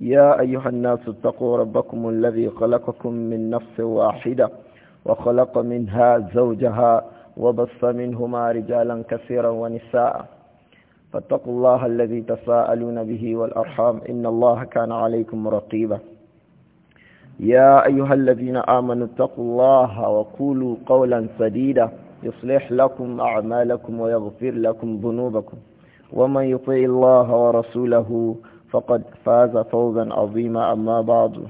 يا أيها الناس اتقوا ربكم الذي خلقكم من نفس واحدة وخلق منها زوجها وبص منهما رجالا كثيرا ونساء فاتقوا الله الذي تساءلون به والأرحام إن الله كان عليكم رقيبا يا أيها الذين آمنوا اتقوا الله وقولوا قولا سديدا يصلح لكم أعمالكم ويغفر لكم ذنوبكم ومن يطيع الله ورسوله فقد فاز فوزا عظيما أما بعد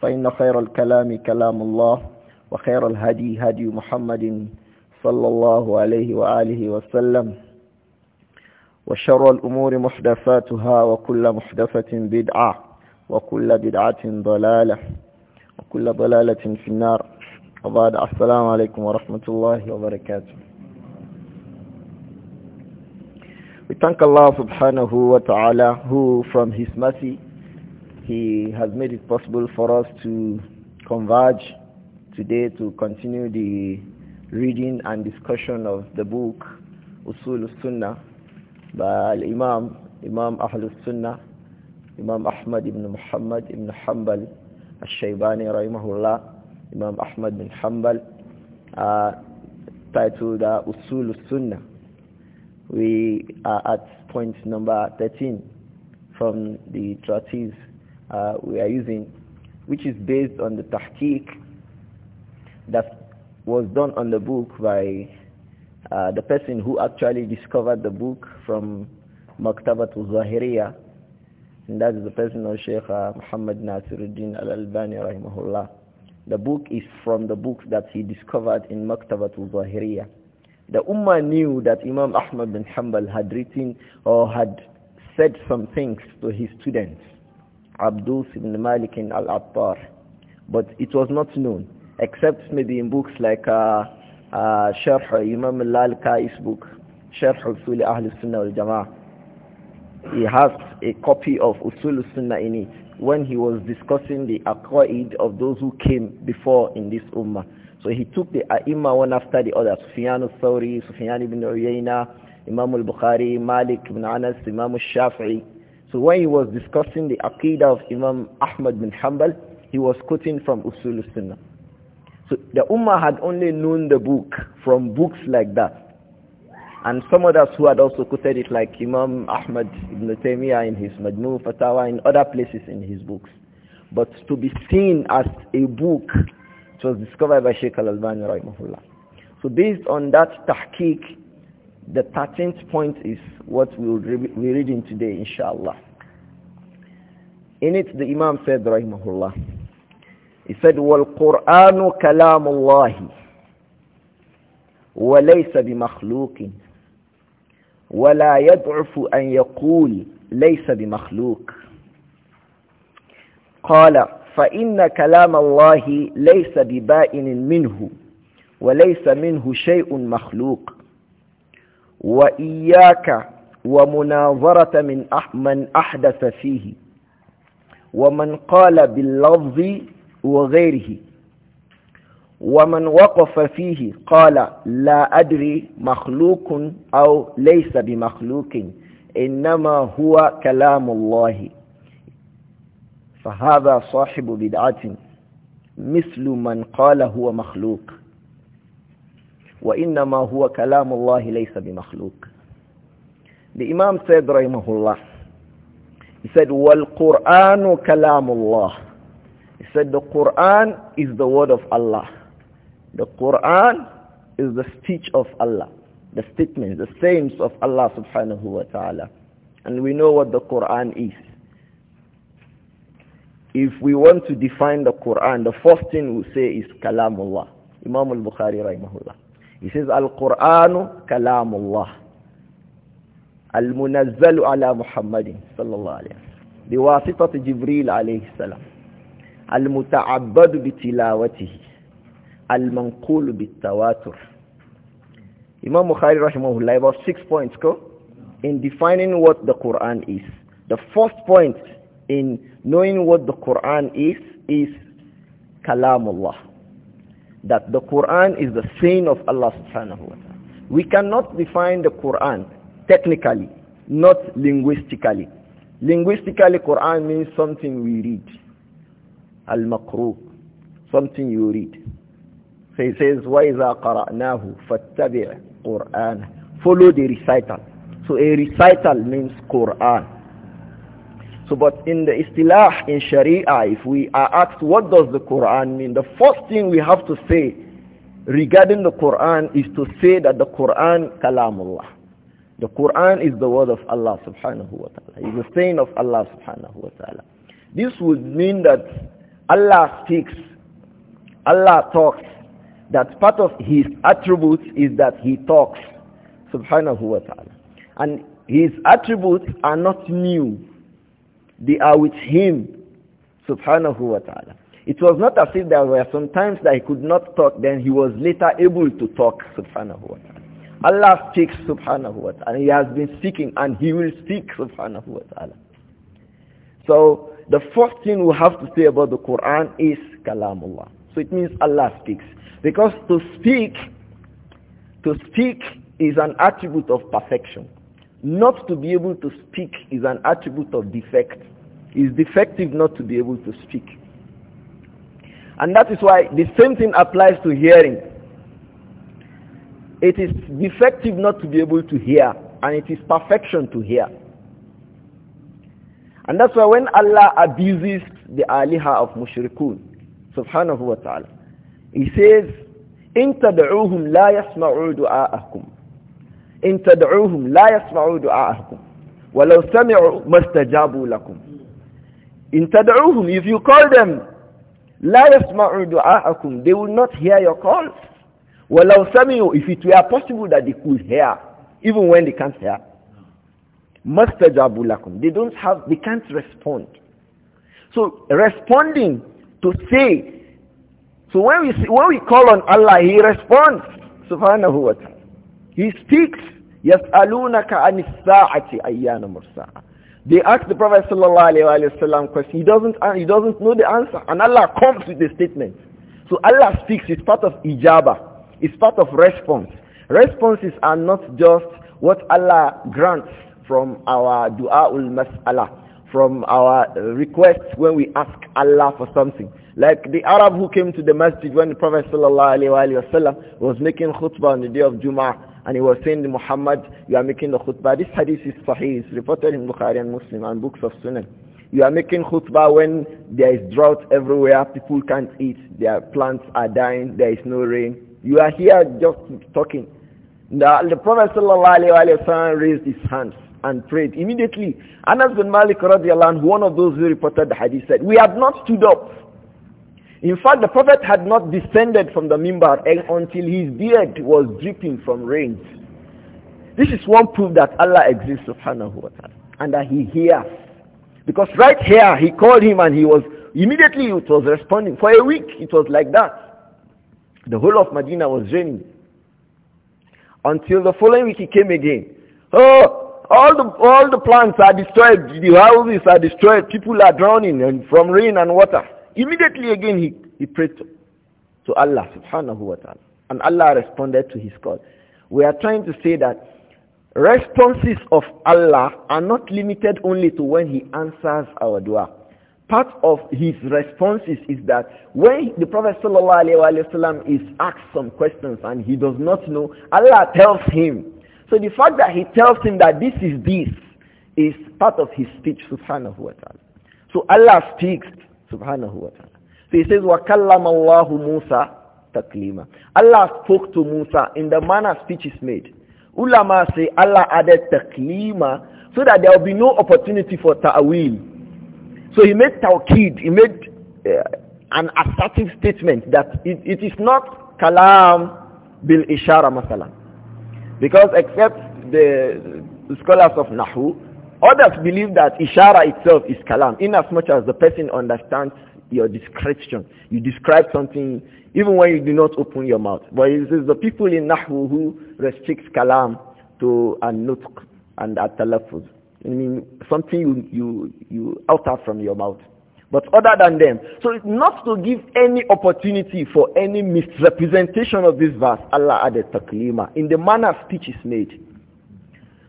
فإن خير الكلام كلام الله وخير الهدي هدي محمد صلى الله عليه وآله وسلم وشر الأمور محدثاتها وكل محدثة بدعة وكل بدعة ضلالة وكل ضلالة في النار وبعد السلام عليكم ورحمة الله وبركاته We thank Allah subhanahu wa ta'ala who from his mercy he has made it possible for us to converge today to continue the reading and discussion of the book Usul Sunnah by Imam Imam Ahlus Sunnah Imam Ahmad ibn Muhammad ibn Hanbal Al-Shaybani rahimahullah Imam Ahmad ibn Hanbal uh, titled uh, Usul Sunnah we are at point number 13 from the treatise uh, we are using, which is based on the tahqiq that was done on the book by uh, the person who actually discovered the book from Maktabatul Zahiriya, and that is the person of Sheikh uh, Muhammad Nasiruddin Al-Albani rahimahullah. The book is from the books that he discovered in Maktabatul Zahiriya. The Ummah knew that Imam Ahmad bin Hanbal had written or had said some things to his students, Abdus ibn Malik al-Attar, but it was not known, except maybe in books like uh, uh, Sharh Imam al-Kais book, Sharh Usul Ahl Sunnah al-Jama'ah. He has a copy of Usul Sunnah in it when he was discussing the aqaid of those who came before in this ummah so he took the ai one after the other, Sufyan al-Thawri, Sufyan ibn Uyayna, Imam al-Bukhari, Malik ibn Anas, Imam al-Shafi'i. So when he was discussing the Aqidah of Imam Ahmad bin Hanbal, he was quoting from Usul al-Sunnah. So the Ummah had only known the book from books like that. And some others who had also quoted it like Imam Ahmad ibn Taymiyyah in his Majmu Fatawa in other places in his books. But to be seen as a book it was discovered by Sheikh Al-Albani rahimahullah. So based on that tahqiq, the 13th point is what we will be reading today inshallah. In it the Imam said rahimahullah, he said, وَالْقُرْآنُ كَلَامُ اللَّهِ وَلَيْسَ بِمَخْلُوقٍ وَلَا يَضْعُفُ أَنْ يَقُولِ لَيْسَ بِمَخْلُوقٍ قال فإن كلام الله ليس ببائن منه وليس منه شيء مخلوق وإياك ومناظرة من من أحدث فيه ومن قال باللفظ وغيره ومن وقف فيه قال لا أدري مخلوق أو ليس بمخلوق إنما هو كلام الله فهذا صاحب بدعة مثل من قال هو مخلوق وإنما هو كلام الله ليس بمخلوق The Imam said الله He said وَالْقُرْآنُ كَلَامُ اللَّهِ He said the Quran is the word of Allah The Quran is the speech of Allah the statements, the sayings of Allah subhanahu wa ta'ala. And we know what the Quran is. if we want to define the Quran, the first thing we say is Kalamullah. Imam al-Bukhari rahimahullah. He says, al quran Kalamullah. Al-Munazzalu ala Muhammadin sallallahu alayhi wa Biwasitat Jibril alayhi salam. Al-Muta'abbadu bitilawatihi. Al-Manqulu bitawatur. Imam Bukhari rahimahullah, about six points, go? In defining what the Quran is. The first point in knowing what the Quran is, is kalamullah. That the Quran is the saying of Allah subhanahu wa ta'ala. We cannot define the Quran technically, not linguistically. Linguistically, Quran means something we read. Al-Makruh, something you read. So he says, وَإِذَا قَرَأْنَاهُ فَاتَّبِعْ قُرْآنَ Follow the recital. So a recital means Quran. So, but in the istilah, in sharia, if we are asked what does the Quran mean, the first thing we have to say regarding the Quran is to say that the Quran kalamullah. The Quran is the word of Allah subhanahu wa ta'ala. It's the saying of Allah subhanahu wa ta'ala. This would mean that Allah speaks, Allah talks, that part of his attributes is that he talks subhanahu wa ta'ala. And his attributes are not new. They are with him, subhanahu wa ta'ala. It was not as if there were some times that he could not talk, then he was later able to talk, subhanahu wa ta'ala. Allah speaks, subhanahu wa ta'ala. He has been speaking and he will speak, subhanahu wa ta'ala. So, the first thing we have to say about the Quran is kalamullah. So it means Allah speaks. Because to speak, to speak is an attribute of perfection. Not to be able to speak is an attribute of defect. It's defective not to be able to speak. And that is why the same thing applies to hearing. It is defective not to be able to hear, and it is perfection to hear. And that's why when Allah abuses the aliha of mushrikun, subhanahu wa ta'ala, he says, إِن تَدْعُوهُمْ لَا يَسْمَعُوا دُعَاءَكُمْ إن تدعوهم لا يسمعوا دعاءكم ولو سمعوا ما استجابوا لكم إن if you call them لا يسمعوا دعاءكم they will not hear your call ولو سمعوا if it were possible that they could hear even when they can't hear mastajabu lakum they don't have they can't respond so responding to say so when we when we call on Allah he responds subhanahu wa ta'ala he speaks يَسْأَلُونَكَ عَنِ saati ayana mursaa. They ask the Prophet wasallam question. He doesn't, he doesn't know the answer. And Allah comes with the statement. So Allah speaks. It's part of ijaba. It's part of response. Responses are not just what Allah grants from our du'a ul mas'ala, from our requests when we ask Allah for something. Like the Arab who came to the masjid when the Prophet wasallam was making khutbah on the day of Jum'ah and he was saying, Muhammad, you are making the khutbah. This hadith is sahih. It's reported in Bukhari and Muslim and books of Sunnah. You are making khutbah when there is drought everywhere. People can't eat. Their plants are dying. There is no rain. You are here just talking. The, the Prophet ﷺ raised his hands and prayed. Immediately, Anas bin Malik radiallahu one of those who reported the hadith said, we have not stood up in fact, the Prophet had not descended from the mimbar until his beard was dripping from rains. This is one proof that Allah exists subhanahu wa ta'ala and that he hears. Because right here he called him and he was immediately it was responding. For a week it was like that. The whole of Medina was raining. Until the following week he came again. Oh, all the all the plants are destroyed, the houses are destroyed, people are drowning from rain and water. Immediately again he, he prayed to, to Allah subhanahu wa ta'ala. And Allah responded to his call. We are trying to say that responses of Allah are not limited only to when he answers our dua. Part of his responses is that when the Prophet ﷺ is asked some questions and he does not know, Allah tells him. So the fact that he tells him that this is this is part of his speech, subhanahu wa ta'ala. So Allah speaks Subhanahu wa ta'ala. So he says, وَكَلَّمَ اللَّهُ Musa taklima." Allah spoke to Musa in the manner speech is made. Ulama say Allah added taklima so that there will be no opportunity for ta'wil. So he made tawkid, he made uh, an assertive statement that it, it is not kalam bil ishara masala Because except the scholars of Nahu, Others believe that ishara itself is kalam, inasmuch as the person understands your description. You describe something even when you do not open your mouth. But it is the people in Nahwu who restrict kalam to an-nutq and at talafuz I mean, something you, you, you utter from your mouth. But other than them. So it's not to give any opportunity for any misrepresentation of this verse, Allah added taklima, in the manner speech is made.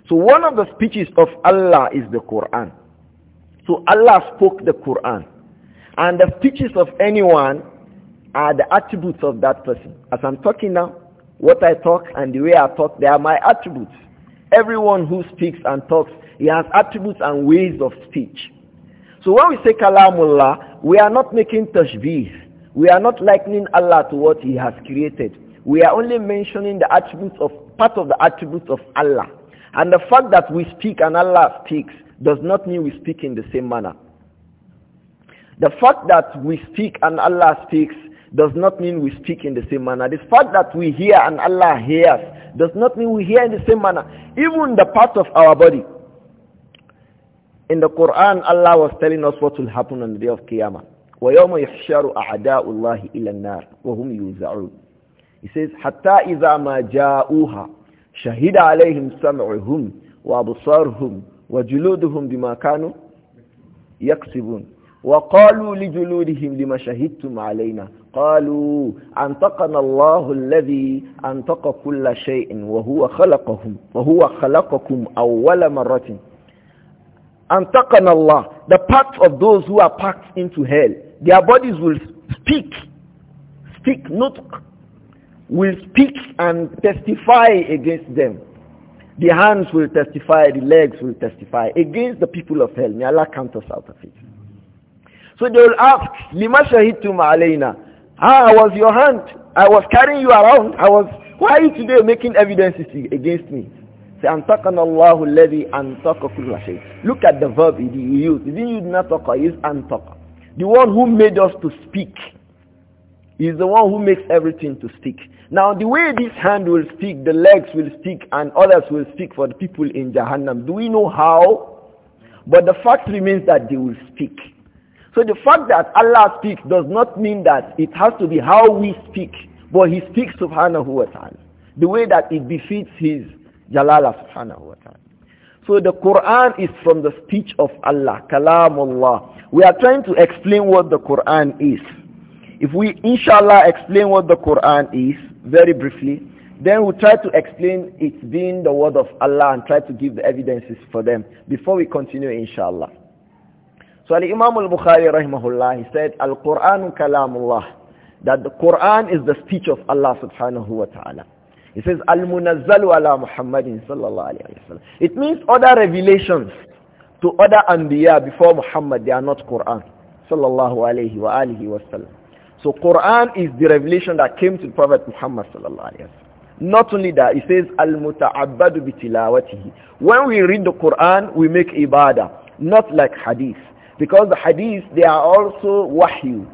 So one of the speeches of Allah is the Quran. So Allah spoke the Quran. And the speeches of anyone are the attributes of that person. As I'm talking now, what I talk and the way I talk, they are my attributes. Everyone who speaks and talks, he has attributes and ways of speech. So when we say kalamullah, we are not making tashbih. We are not likening Allah to what he has created. We are only mentioning the attributes of, part of the attributes of Allah. And the fact that we speak and Allah speaks does not mean we speak in the same manner. The fact that we speak and Allah speaks does not mean we speak in the same manner. The fact that we hear and Allah hears does not mean we hear in the same manner. Even the part of our body. In the Quran, Allah was telling us what will happen on the day of Qiyamah. وَيَوْمَ يُحْشَرُ أَعْدَاءُ اللَّهِ إِلَى النَّارِ وَهُمْ يُوزَعُونَ He says, حَتَّى إِذَا مَا جَاءُوهَا شهد عليهم سمعهم وأبصارهم وجلودهم بما كانوا يكسبون وقالوا لجلودهم لما شهدتم علينا قالوا أنطقنا الله الذي أنطق كل شيء وهو خلقهم وهو خلقكم أول مرة أنطقنا الله the parts of those who are packed into hell their bodies will speak speak not will speak and testify against them. The hands will testify, the legs will testify against the people of hell. May Allah count us out of it. So they will ask, Lima shahidtum alayna. Ah, I was your hand. I was carrying you around. I was, why are you today making evidences against me? Say, antakana Allahu alladhi antaka kulla shay. Look at the verb he used. He didn't use nataka, he used antaka. The one who made us to speak is the one who makes everything to speak. Now the way this hand will speak, the legs will speak, and others will speak for the people in Jahannam, do we know how? But the fact remains that they will speak. So the fact that Allah speaks does not mean that it has to be how we speak, but He speaks subhanahu wa ta'ala, the way that it befits His jalala subhanahu wa ta'ala. So the Quran is from the speech of Allah, Allah. We are trying to explain what the Quran is. If we inshallah explain what the Quran is, very briefly. Then we'll try to explain it being the word of Allah and try to give the evidences for them before we continue inshallah. So Al-Imam Al-Bukhari rahimahullah, he said, Al-Qur'an kalamullah, that the Qur'an is the speech of Allah subhanahu wa ta'ala. He says, Al-Munazzalu ala Muhammadin sallallahu alayhi wa It means other revelations to other anbiya before Muhammad, they are not Qur'an sallallahu alayhi wa alihi wa sallam. So Quran is the revelation that came to the Prophet Muhammad sallallahu alaihi Not only that, it says al-muta'abbadu bitilawatihi. When we read the Quran, we make ibadah, not like hadith. Because the hadith, they are also wahyu.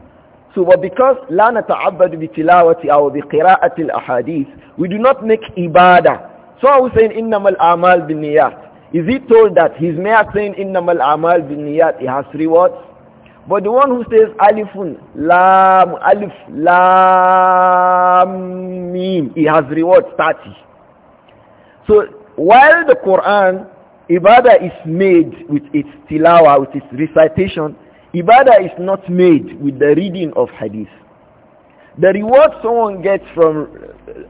So but because la nata'abbadu bitilawati aw biqira'ati qiraatil ahadith we do not make ibadah. So I was saying innamal a'mal niyat. Is he told that his mere saying innamal a'mal niyat? he has three words? But the one who says alifun, lam, alif, lam, mim, he has reward 30. So while the Quran, ibadah is made with its tilawa, with its recitation, ibadah is not made with the reading of hadith. The reward someone gets from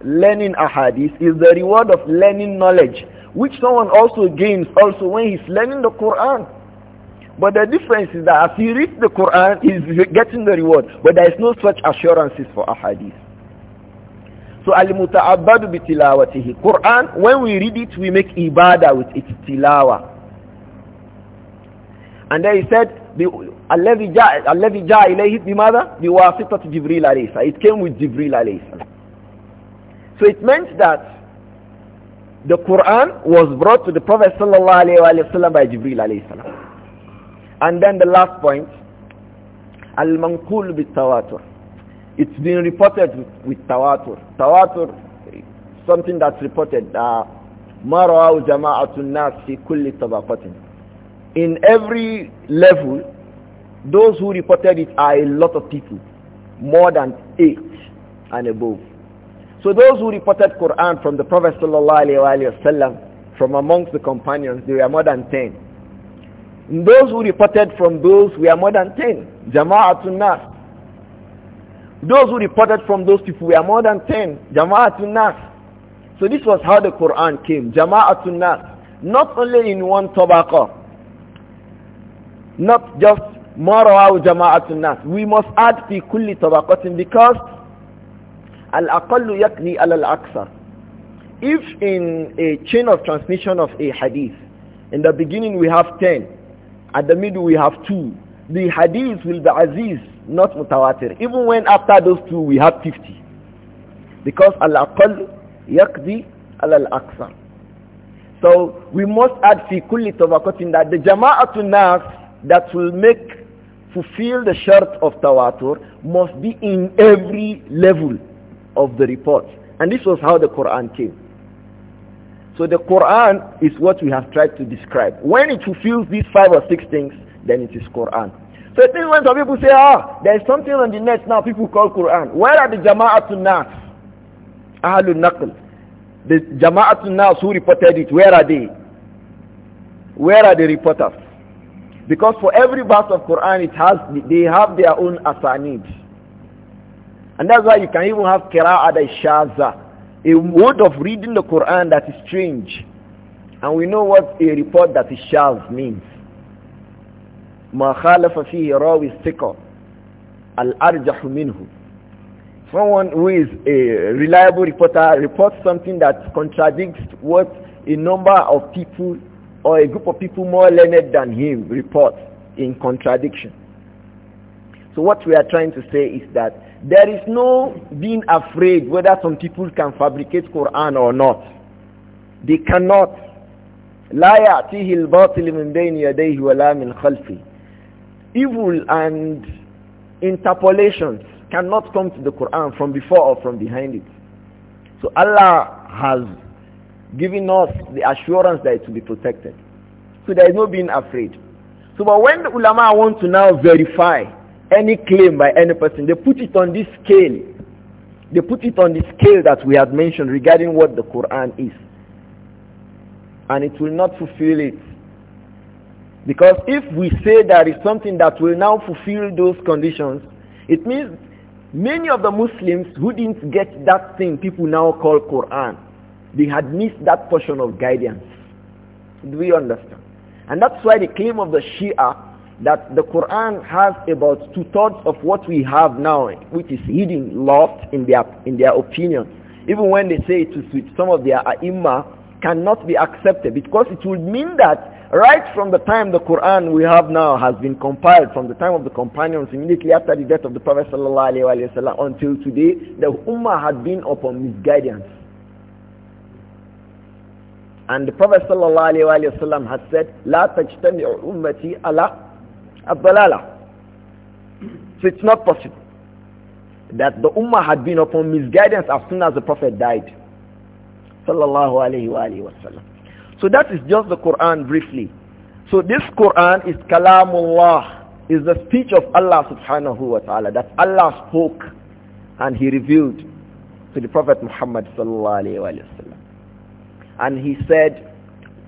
learning a hadith is the reward of learning knowledge, which someone also gains also when he's learning the Quran. But the difference is that as you read the Quran, he's getting the reward. But there is no such assurances for ahadith. So al-muta'abbadu bi tilawatihi. Quran, when we read it, we make ibadah with its tilawa. And then he said, الذي جاء الذي جاء إليه بماذا؟ بواسطة جبريل عليه It came with Jibril عليه So it meant that the Quran was brought to the Prophet sallallahu alaihi wasallam by Jibril alayhi salam. And then the last point, al-manqul tawatur. It's been reported with, tawatur. Tawatur, something that's reported. Uh, jamaatun جَمَاعَةُ النَّاسِ In every level, those who reported it are a lot of people, more than eight and above. So those who reported Quran from the Prophet Wasallam from amongst the companions, they are more than ten. Those who reported from those were more than 10. Jama'atun Nas. Those who reported from those people were more than 10. Jama'atun Nas. So this was how the Quran came. Jama'atun Nas. Not only in one tabaqah, Not just Marawaw Jama'atun Nas. We must add fi kulli tabaqatin because Al-Aqallu yakni al al-aksa. If in a chain of transmission of a hadith, in the beginning we have 10, at the middle we have two. The hadith will be aziz, not mutawatir. Even when after those two we have 50. Because al-aqal yaqdi al-aqsa. So we must add fi kulli tabaqatin that the jama'atun nas that will make fulfill the shart of tawatur must be in every level of the report. And this was how the Quran came. So the Quran is what we have tried to describe. When it fulfills these five or six things, then it is Quran. So it means when some people say, ah, there is something on the net now people call Quran. Where are the Jama'atun Nas? Ahlul Naql. The Jama'atun Nas who reported it, where are they? Where are the reporters? Because for every verse of Quran, it has, they have their own asanid. And that's why you can even have kiraad al-Shaza a word of reading the Quran that is strange. And we know what a report that is shaz means. ما خالف فيه راوي الثقة الأرجح منه Someone who is a reliable reporter reports something that contradicts what a number of people or a group of people more learned than him reports in contradiction. So what we are trying to say is that there is no being afraid whether some people can fabricate Quran or not. They cannot. لا يأتيه الباطل من بين يديه ولا من خلفه. Evil and interpolations cannot come to the Quran from before or from behind it. So Allah has given us the assurance that it will be protected. So there is no being afraid. So but when the ulama want to now verify any claim by any person, they put it on this scale. They put it on the scale that we had mentioned regarding what the Quran is. And it will not fulfill it. Because if we say there is something that will now fulfill those conditions, it means many of the Muslims who didn't get that thing people now call Quran, they had missed that portion of guidance. Do we understand? And that's why the claim of the Shia that the Quran has about two-thirds of what we have now, which is hidden, lost in their, in their opinion. Even when they say it is with some of their ai cannot be accepted because it would mean that right from the time the Quran we have now has been compiled from the time of the companions immediately after the death of the Prophet wasallam until today the Ummah had been upon misguidance. And the Prophet wasallam had said, لا تجتمع أمتي على Abdalala. So it's not possible that the Ummah had been upon misguidance as soon as the Prophet died. Sallallahu alayhi wa alayhi wa sallam. So that is just the Quran briefly. So this Quran is Kalamullah, is the speech of Allah subhanahu wa ta'ala, that Allah spoke and he revealed to the Prophet Muhammad sallallahu alayhi wa, alayhi wa sallam. And he said,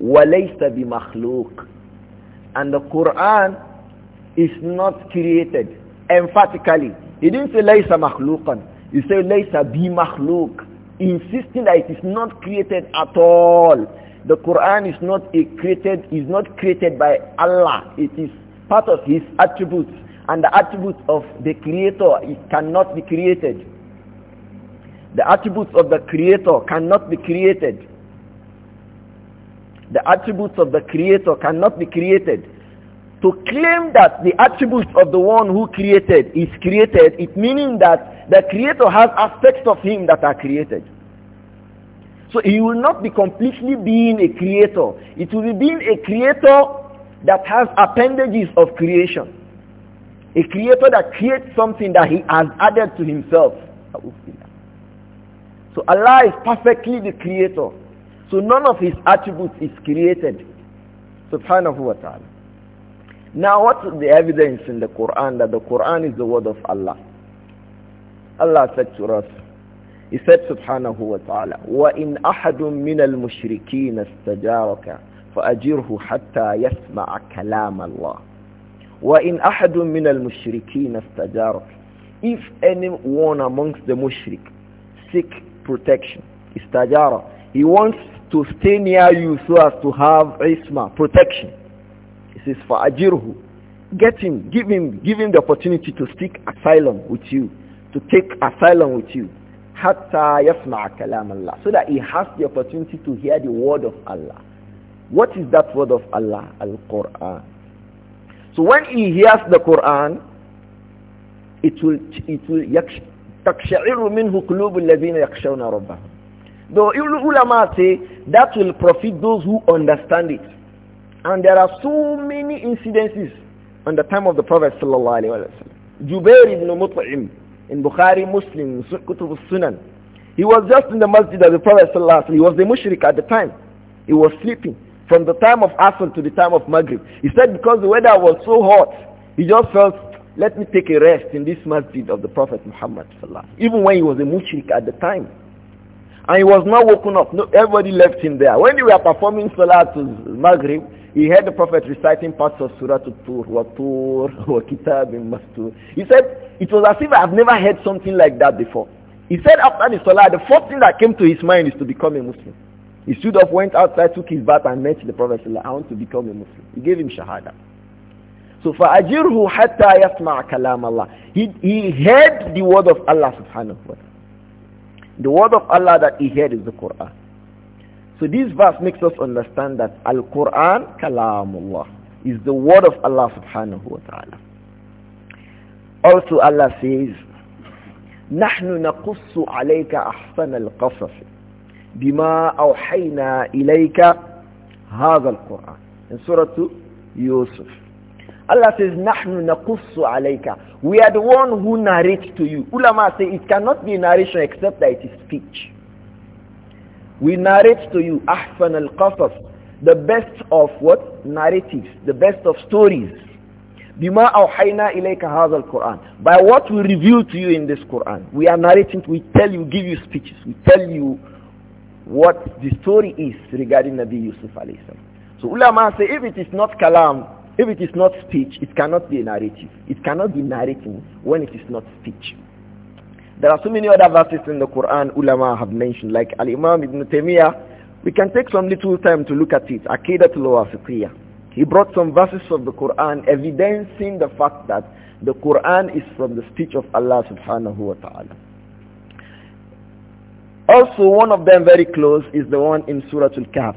وَلَيْسَ بِمَخْلُوقٍ And the Quran is not created emphatically. He didn't say laysa makhluqan. He said laysa bi makhluq, insisting that it is not created at all. The Quran is not created is not created by Allah. It is part of his attributes and the attributes of the creator it cannot be created. The attributes of the creator cannot be created. The attributes of the creator cannot be created to claim that the attributes of the one who created is created, it meaning that the creator has aspects of him that are created. So he will not be completely being a creator. It will be being a creator that has appendages of creation. A creator that creates something that he has added to himself. So Allah is perfectly the creator. So none of his attributes is created. Subhanahu wa ta'ala. Now what is the evidence in the Quran that the Quran is the word of Allah? Allah said to us, He said subhanahu wa ta'ala, وَإِنْ أَحَدٌ مِّنَ الْمُشْرِكِينَ اسْتَجَارَكَ فَأَجِرْهُ حَتَّى يَسْمَعَ كَلَامَ اللَّهِ وَإِنْ أَحَدٌ مِّنَ الْمُشْرِكِينَ اسْتَجَارَكَ If anyone amongst the mushrik seek protection, istajara, he wants to stay near you so as to have isma, protection says, Fa'ajirhu. Get him, give him, give him the opportunity to seek asylum with you, to take asylum with you. Hatta yasma'a kalam Allah. So that he has the opportunity to hear the word of Allah. What is that word of Allah? Al-Quran. So when he hears the Quran, it will, it will تقشعر منه قلوب الذين يخشون ربهم. The ulama say that will profit those who understand it. And there are so many incidences on the time of the Prophet sallallahu alaihi wasallam. Jubair ibn Mut'im in Bukhari Muslim, Kutub sunan He was just in the masjid of the Prophet sallallahu alaihi wasallam. He was the mushrik at the time. He was sleeping from the time of Asr to the time of Maghrib. He said because the weather was so hot, he just felt, let me take a rest in this masjid of the Prophet Muhammad sallallahu Even when he was a mushrik at the time. And he was not woken up. No, everybody left him there. When they were performing salat to Maghrib, he heard the Prophet reciting parts of Surah Tur, wa Tur, wa Kitab Mastur. He said, it was as if I have never heard something like that before. He said after the Salah, the first thing that came to his mind is to become a Muslim. He stood up, went outside, took his bath and met the Prophet I want to become a Muslim. He gave him Shahada. So فَأَجِرْهُ حَتَّى يَسْمَعَ كَلَامَ اللَّهِ he, he heard the word of Allah subhanahu wa ta'ala. The word of Allah that he heard is the Quran. So this verse makes us understand that Al-Quran Kalamullah is the word of Allah subhanahu wa ta'ala. Also Allah says, نحن نقص عليك أحسن القصص بما أوحينا إليك هذا القرآن in Surah Yusuf Allah says نحن نقص عليك we are the one who narrates to you ulama say it cannot be narration except that it is speech we narrate to you ahsan al-qasas, the best of what? Narratives, the best of stories. Bima awhayna ilayka hadha al-Quran. By what we reveal to you in this Quran. We are narrating, we tell you, give you speeches. We tell you what the story is regarding Nabi Yusuf alayhi So ulama say if it is not kalam, if it is not speech, it cannot be a narrative. It cannot be narrating when it is not speech. There are so many other verses in the Quran ulama have mentioned, like Al-Imam Ibn Taymiyyah. We can take some little time to look at it. Akidatul Wasitiyah. He brought some verses of the Quran evidencing the fact that the Quran is from the speech of Allah subhanahu wa ta'ala. Also, one of them very close is the one in Surah Al-Kahf,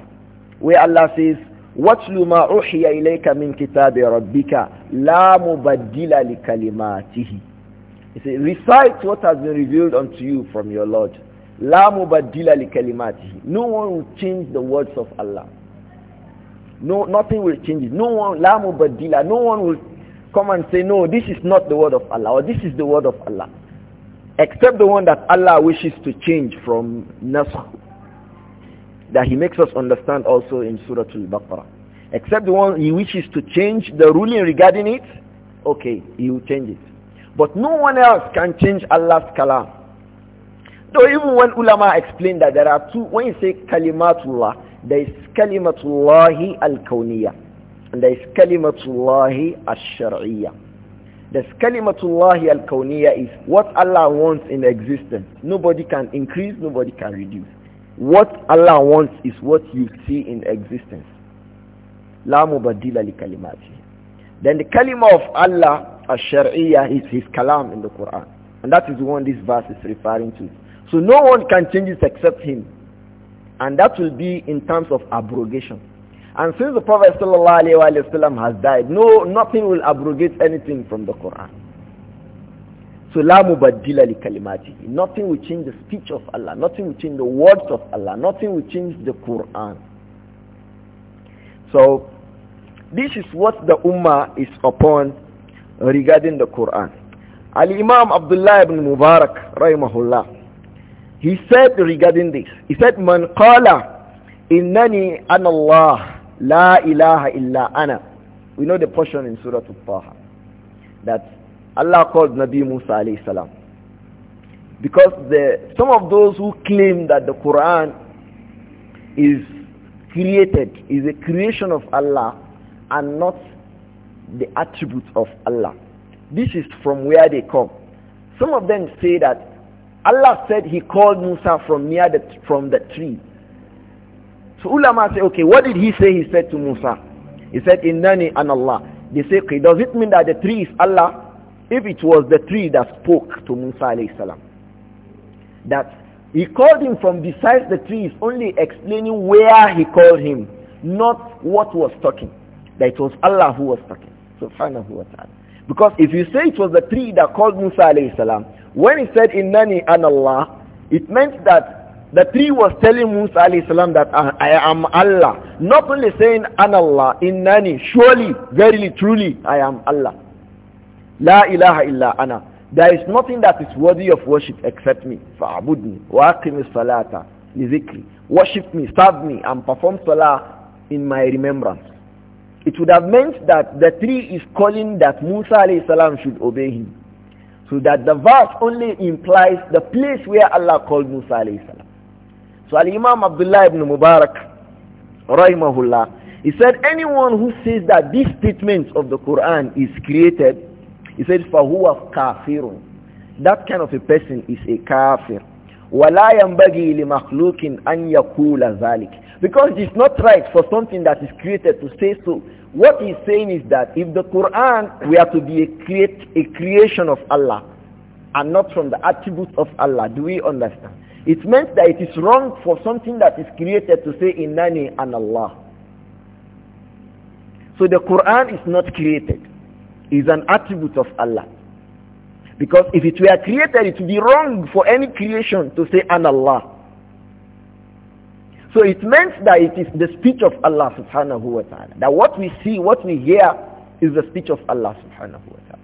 where Allah says, وَاتْلُ مَا أُوحِيَ إِلَيْكَ مِنْ كِتَابِ رَبِّكَ لَا مُبَدِّلَ لِكَلِمَاتِهِ he said, recite what has been revealed unto you from your Lord. La mubaddila li No one will change the words of Allah. No, nothing will change it. No one, la mubaddila. No one will come and say, no, this is not the word of Allah or this is the word of Allah. Except the one that Allah wishes to change from Nasr. That he makes us understand also in Surah Al-Baqarah. Except the one he wishes to change the ruling regarding it, okay, he will change it. But no one else can change Allah's kalam. Though even when ulama explain that there are two, when you say kalimatullah, there is kalimatullahi al-kawniyah and there is kalimatullahi al-shar'iyyah. The kalimatullahi al-kawniyah is what Allah wants in existence. Nobody can increase, nobody can reduce. What Allah wants is what you see in existence. La mubadila li kalimati. Then the kalima of Allah Ash-Shar'iyyah is his kalam in the Quran. And that is what this verse is referring to. So no one can change it except him. And that will be in terms of abrogation. And since the Prophet Wasallam has died, no, nothing will abrogate anything from the Quran. So la mubaddila li kalimatihi. Nothing will change the speech of Allah. Nothing will change the words of Allah. Nothing will change the Quran. So this is what the Ummah is upon regarding the Quran. Al-Imam Abdullah ibn Mubarak, rahimahullah, he said regarding this, he said, Man qala innani ana Allah la ilaha illa ana. We know the portion in Surah Al-Taha that Allah called Nabi Musa alayhi salam. Because the, some of those who claim that the Quran is created, is a creation of Allah and not the attributes of Allah. This is from where they come. Some of them say that Allah said he called Musa from near the, from the tree. So ulama say, okay, what did he say he said to Musa? He said, Innani an Allah. They say, okay, does it mean that the tree is Allah? If it was the tree that spoke to Musa alayhi salam. That he called him from besides the tree is only explaining where he called him, not what was talking. That it was Allah who was talking. Subhanahu wa ta'ala. Because if you say it was the tree that called Musa alayhi salam, when he said innani anallah, it meant that the tree was telling Musa alayhi salam that ah, I am Allah. Not only saying anallah, innani, surely, verily, truly, I am Allah. La ilaha illa ana. There is nothing that is worthy of worship except me. Fa'abudni wa aqimi salata li Worship me, serve me, and perform salah in my remembrance it would have meant that the tree is calling that Musa alayhi salam should obey him. So that the verse only implies the place where Allah called Musa alayhi salam. So Al-Imam Abdullah ibn Mubarak, rahimahullah, he said anyone who says that these statements of the Quran is created, he said, فَهُوَ kafirun. That kind of a person is a kafir. وَلَا يَنْبَغِي لِمَخْلُوقٍ أَنْ يَقُولَ ذَلِكَ because it's not right for something that is created to say so. What he's saying is that if the Quran were to be a, create, a creation of Allah and not from the attributes of Allah, do we understand? It means that it is wrong for something that is created to say Inani and Allah. So the Quran is not created. It's an attribute of Allah. Because if it were created, it would be wrong for any creation to say an Allah. So it meant that it is the speech of Allah subhanahu wa ta'ala. That what we see, what we hear is the speech of Allah subhanahu wa ta'ala.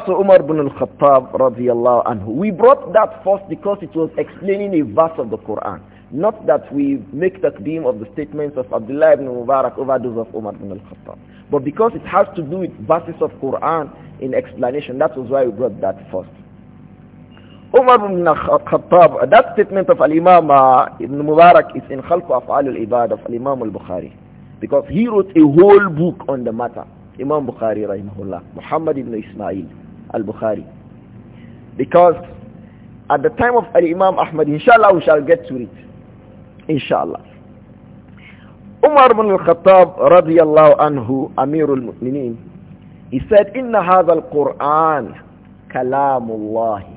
Also Umar ibn al-Khattab radiallahu anhu. We brought that first because it was explaining a verse of the Quran. Not that we make claim of the statements of Abdullah ibn Mubarak over those of Umar ibn al-Khattab. But because it has to do with verses of Quran in explanation, that was why we brought that first. Umar ibn Khattab, that statement of Al-Imam uh, Ibn Mubarak is in Khalq Af'al al-Ibad of Al-Imam al-Bukhari. Because he wrote a whole book on the matter. Imam Bukhari rahimahullah, Muhammad ibn Ismail al-Bukhari. Because at the time of Al-Imam Ahmad, inshallah we shall get to it. Inshallah. Umar ibn al-Khattab radiyallahu anhu, Amirul Mu'mineen, he said, إِنَّ هَذَا الْقُرْآنِ كَلَامُ اللَّهِ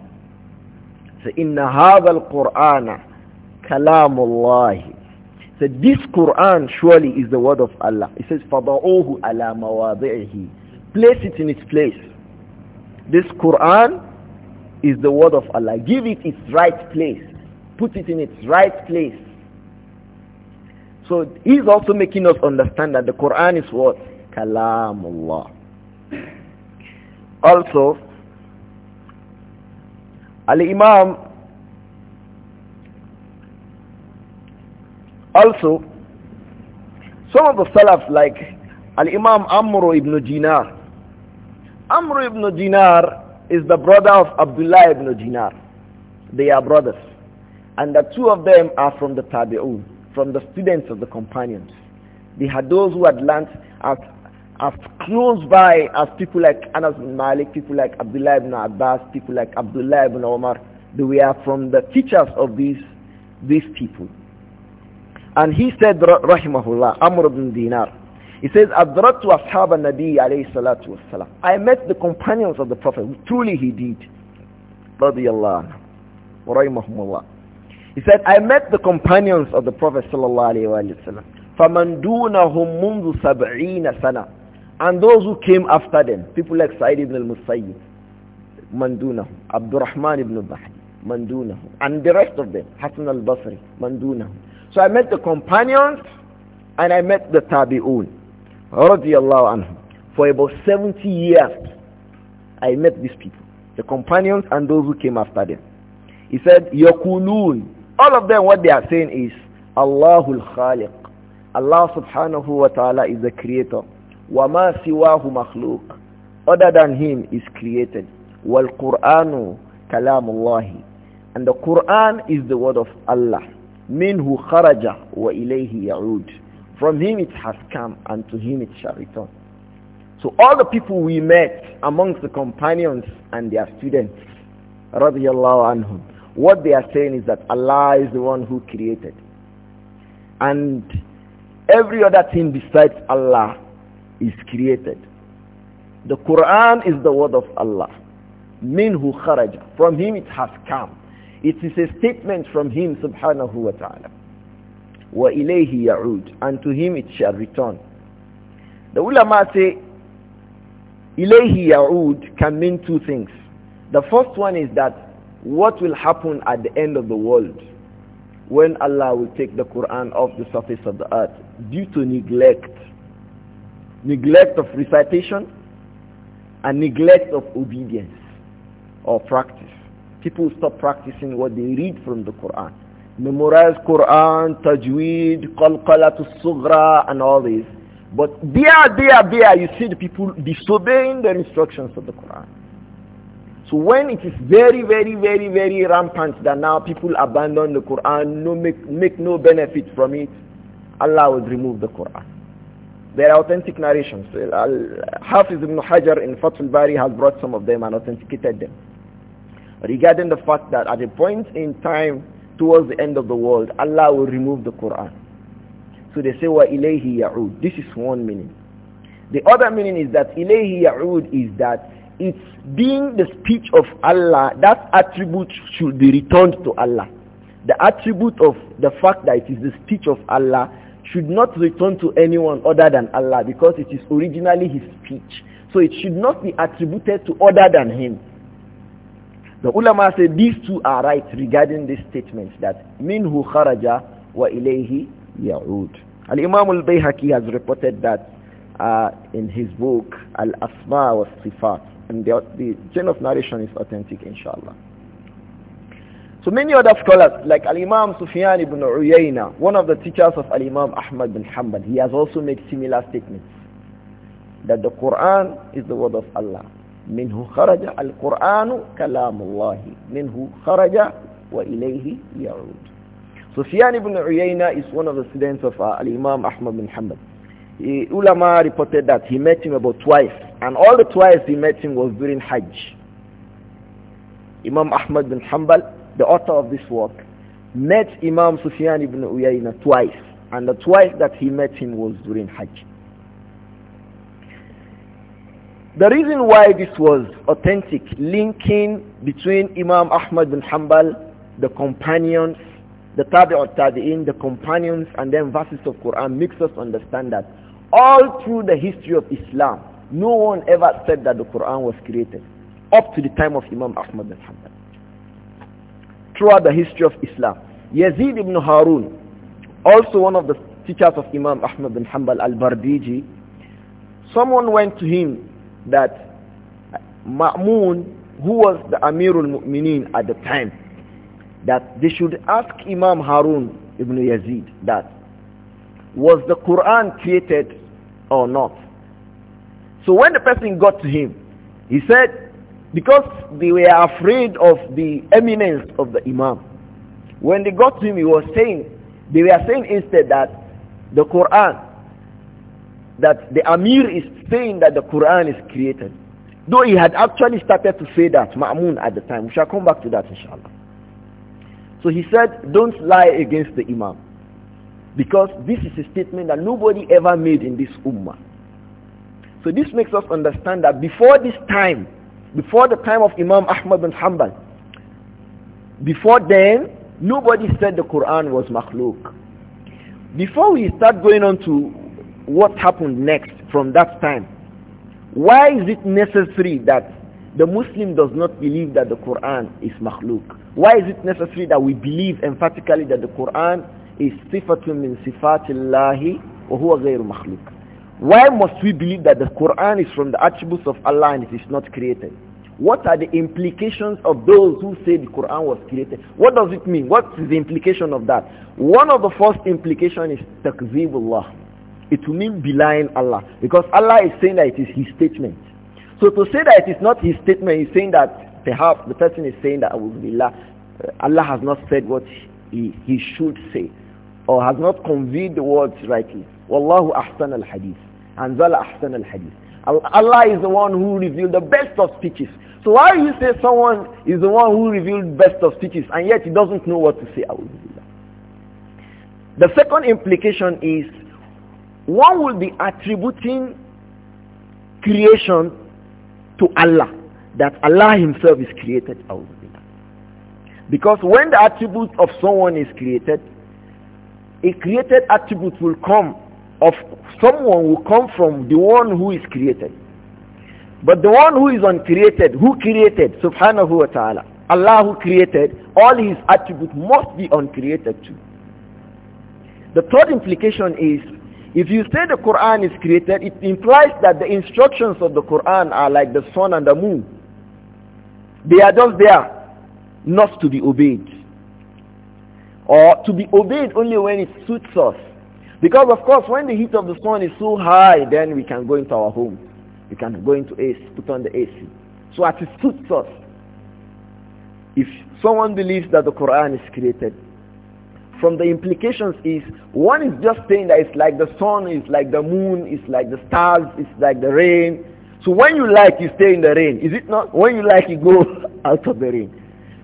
so in hawa al-Qur'an kalamullah. So this Quran surely is the word of Allah. It says fada'uhu ala mawadhihi. Place it in its place. This Quran is the word of Allah. Give it its right place. Put it in its right place. So he's also making us understand that the Quran is what? Kalamullah. Also, Al-Imam also some of the Salaf like Al-Imam Amr ibn Dinar Amr ibn Dinar is the brother of Abdullah ibn Dinar they are brothers and the two of them are from the Tabi'un from the students of the companions they had those who had learnt at as close by as people like Anas bin Malik, people like Abdullah ibn Abbas, people like Abdullah ibn Omar. we are from the teachers of these, these people. And he said, Rahimahullah, Amr ibn Dinar. He says, أَدْرَتُ أَصْحَابَ النَّبِيِّ عَلَيْهِ الصَّلَاةُ وَالسَّلَامُ I met the companions of the Prophet. Truly he did. رضي الله عنه ورحمهم He said, I met the companions of the Prophet sallallahu الله عليه وآله وسلم. فَمَنْ دُونَهُمْ مُنْذُ سَبْعِينَ سَنَةً and those who came after them, people like Sa'id ibn al musayyid Mandunahu, Abdurrahman ibn al-Bahdi, Mandunahu, and the rest of them, Hassan al-Basri, Mandunahu. So I met the companions and I met the Tabi'un, radiallahu anhu. For about 70 years, I met these people, the companions and those who came after them. He said, Yakulun. All of them, what they are saying is, Allahul Khaliq. Allah subhanahu wa ta'ala is the creator. Other than him is created. وَالْقُرْآنُ كَلَامُ اللَّهِ And the Quran is the word of Allah. مِنْهُ wa ilayhi يَعُودُ From him it has come and to him it shall return. So all the people we met amongst the companions and their students, radiallahu anhum, what they are saying is that Allah is the one who created. And every other thing besides Allah is created. The Quran is the word of Allah. Minhu kharaja. From him it has come. It is a statement from him subhanahu wa ta'ala. Wa ilayhi ya'ud. And to him it shall return. The ulama say, ilayhi ya'ud can mean two things. The first one is that what will happen at the end of the world when Allah will take the Quran off the surface of the earth due to neglect neglect of recitation and neglect of obedience or practice. People stop practicing what they read from the Quran. Memorize Quran, Tajweed, Qalqalatul Sughra and all this. But there, there, there, you see the people disobeying the instructions of the Quran. So when it is very, very, very, very rampant that now people abandon the Quran, no make, make no benefit from it, Allah will remove the Quran their are authentic narrations. Hafiz ibn Hajar in Fath al-Bari has brought some of them and authenticated them. Regarding the fact that at a point in time towards the end of the world, Allah will remove the Quran. So they say, wa ilayhi This is one meaning. The other meaning is that ilayhi ya'ud is that it's being the speech of Allah, that attribute should be returned to Allah. The attribute of the fact that it is the speech of Allah should not return to anyone other than Allah because it is originally his speech. So it should not be attributed to other than him. The ulama say these two are right regarding this statement that minhu kharaja wa ilayhi ya'ud. Al-Imam al-Bayhaqi has reported that uh, in his book Al-Asma wa Sifat and the, the chain of narration is authentic inshallah. So many other scholars, like Al-Imam Sufyan ibn Uyayna, one of the teachers of Al-Imam Ahmad bin Hanbal, he has also made similar statements. That the Quran is the word of Allah. Minhu kharaja al-Quranu kalamullahi. Minhu kharaja wa ilayhi ya'ud. Sufyan ibn Uyayna is one of the students of uh, Al-Imam Ahmad bin Hanbal. He, ulama reported that he met him about twice. And all the twice he met him was during Hajj. Imam Ahmad bin Hanbal the author of this work, met Imam Sufyan ibn Uyayna twice. And the twice that he met him was during Hajj. The reason why this was authentic, linking between Imam Ahmad bin Hanbal, the companions, the Tabi or Tabi'in, the companions, and then verses of Quran makes us understand that all through the history of Islam, no one ever said that the Quran was created up to the time of Imam Ahmad bin Hanbal throughout the history of Islam. Yazid ibn Harun, also one of the teachers of Imam Ahmad bin Hanbal al-Bardiji, someone went to him that Ma'mun, who was the Amirul Mu'minin at the time, that they should ask Imam Harun ibn Yazid that, was the Quran created or not? So when the person got to him, he said, because they were afraid of the eminence of the Imam. When they got to him, he was saying, they were saying instead that the Quran, that the Amir is saying that the Quran is created. Though he had actually started to say that, Ma'mun at the time. We shall come back to that inshallah. So he said, don't lie against the Imam. Because this is a statement that nobody ever made in this Ummah. So this makes us understand that before this time, before the time of Imam Ahmad bin Hanbal, before then, nobody said the Quran was makhluk. Before we start going on to what happened next from that time, why is it necessary that the Muslim does not believe that the Quran is makhluk? Why is it necessary that we believe emphatically that the Quran is sifatun min sifatillahi wa huwa ghayru makhluk? Why must we believe that the Quran is from the attributes of Allah and it is not created? What are the implications of those who say the Quran was created? What does it mean? What is the implication of that? One of the first implication is takzibullah. It will mean belying Allah. Because Allah is saying that it is his statement. So to say that it is not his statement, he's saying that perhaps the person is saying that uh, Allah has not said what he, he should say or has not conveyed the words rightly. Wallahu ahsan al-hadith. Anzala Ahsan al-Hadith. Allah is the one who revealed the best of speeches. So why you say someone is the one who revealed best of speeches and yet he doesn't know what to say? The second implication is one will be attributing creation to Allah, that Allah himself is created. Because when the attribute of someone is created, a created attribute will come of someone will come from the one who is created. But the one who is uncreated, who created? Subhanahu wa ta'ala. Allah who created, all his attributes must be uncreated too. The third implication is, if you say the Quran is created, it implies that the instructions of the Quran are like the sun and the moon. They are just there, not to be obeyed. Or to be obeyed only when it suits us. Because of course when the heat of the sun is so high, then we can go into our home. We can go into AC, put on the AC. So at it suits us. If someone believes that the Quran is created, from the implications is one is just saying that it's like the sun, it's like the moon, it's like the stars, it's like the rain. So when you like, you stay in the rain. Is it not? When you like, you go out of the rain.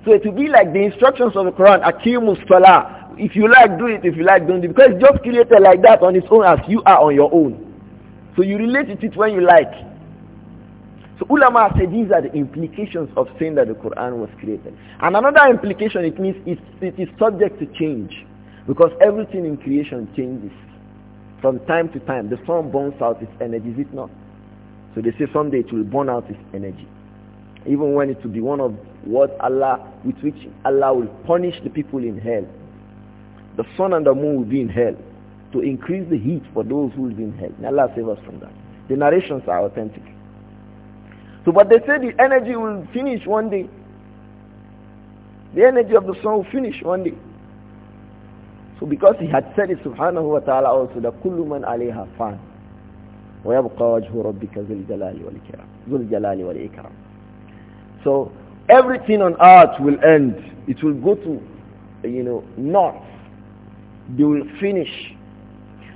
So it will be like the instructions of the Quran, Akimu Salah, if you like do it if you like don't do it because it's just created like that on its own as you are on your own so you relate to it when you like so ulama said these are the implications of saying that the quran was created and another implication it means it, it is subject to change because everything in creation changes from time to time the sun burns out its energy is it not so they say someday it will burn out its energy even when it will be one of what allah with which allah will punish the people in hell the sun and the moon will be in hell to increase the heat for those who will be in hell. May Allah save us from that. The narrations are authentic. So, but they say the energy will finish one day. The energy of the sun will finish one day. So because he had said it subhanahu wa ta'ala also that kullu man alayha fan wa yabqa wajhu rabbika jalali wal so everything on earth will end it will go to you know north they will finish.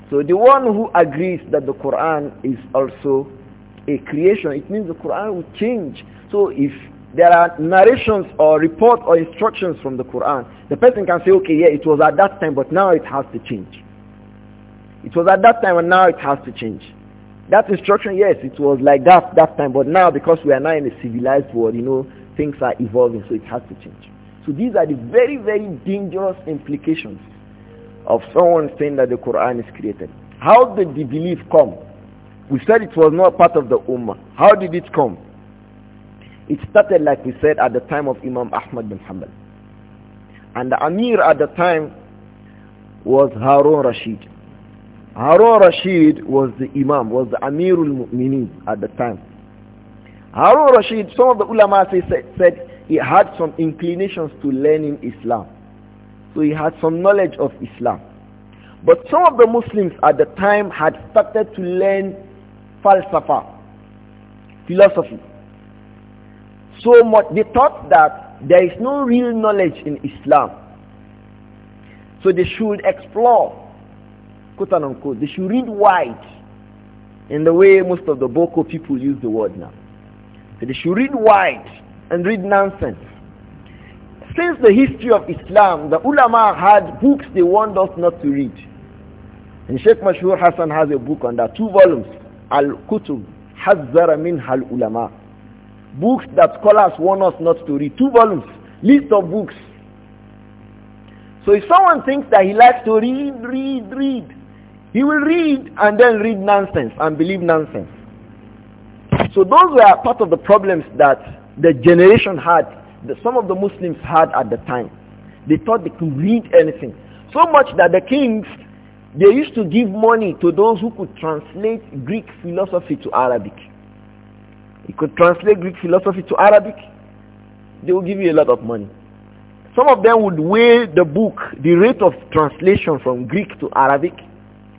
So the one who agrees that the Quran is also a creation, it means the Quran will change. So if there are narrations or reports or instructions from the Quran, the person can say, okay, yeah, it was at that time, but now it has to change. It was at that time and now it has to change. That instruction, yes, it was like that that time, but now because we are now in a civilized world, you know, things are evolving, so it has to change. So these are the very, very dangerous implications of someone saying that the Quran is created. How did the belief come? We said it was not part of the Ummah. How did it come? It started like we said at the time of Imam Ahmad bin Hanbal. And the Amir at the time was Harun Rashid. Harun Rashid was the Imam, was the Amirul Mu'mineen at the time. Harun Rashid, some of the ulama say, said, said he had some inclinations to learning Islam. So he had some knowledge of Islam. But some of the Muslims at the time had started to learn falsafa, philosophy. So much, they thought that there is no real knowledge in Islam. So they should explore, quote unquote, they should read wide in the way most of the Boko people use the word now. So they should read wide and read nonsense since the history of Islam, the ulama had books they warned us not to read. And Sheikh Mashur Hassan has a book on that, two volumes, Al-Kutub, Hazzara min Hal Ulama. Books that scholars warn us not to read. Two volumes, list of books. So if someone thinks that he likes to read, read, read, he will read and then read nonsense and believe nonsense. So those were part of the problems that the generation had that some of the Muslims had at the time. They thought they could read anything. So much that the kings, they used to give money to those who could translate Greek philosophy to Arabic. You could translate Greek philosophy to Arabic, they would give you a lot of money. Some of them would weigh the book, the rate of translation from Greek to Arabic,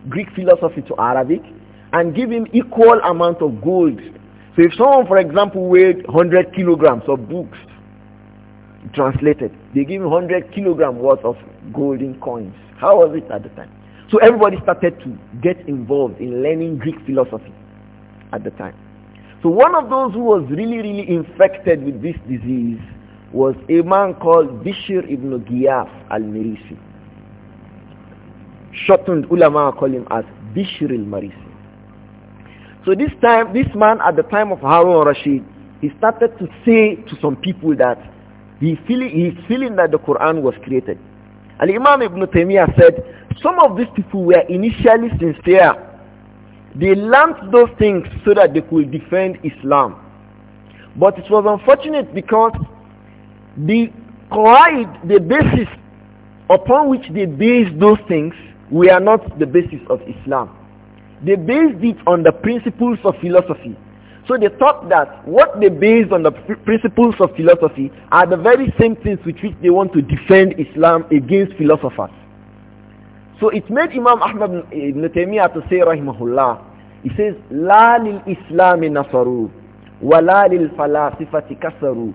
Greek philosophy to Arabic, and give him equal amount of gold. So if someone, for example, weighed 100 kilograms of books, translated. They give 100 kilogram worth of golden coins. How was it at the time? So everybody started to get involved in learning Greek philosophy at the time. So one of those who was really, really infected with this disease was a man called Bishir ibn Giyaf al-Mirisi. Shortened ulama call him as Bishir al-Marisi. So this time, this man at the time of Harun al-Rashid, he started to say to some people that he feeling, he's feeling that the Quran was created. And Imam Ibn Taymiyyah said, some of these people were initially sincere. They learned those things so that they could defend Islam. But it was unfortunate because the qawaid, the basis upon which they based those things, were not the basis of Islam. They based it on the principles of philosophy so they thought that what they based on the principles of philosophy are the very same things with which they want to defend Islam against philosophers. So it made Imam Ahmad ibn Taymiyyah to say, rahimahullah, he says, لا للإسلام نصروا ولا للفلاسفة كسروا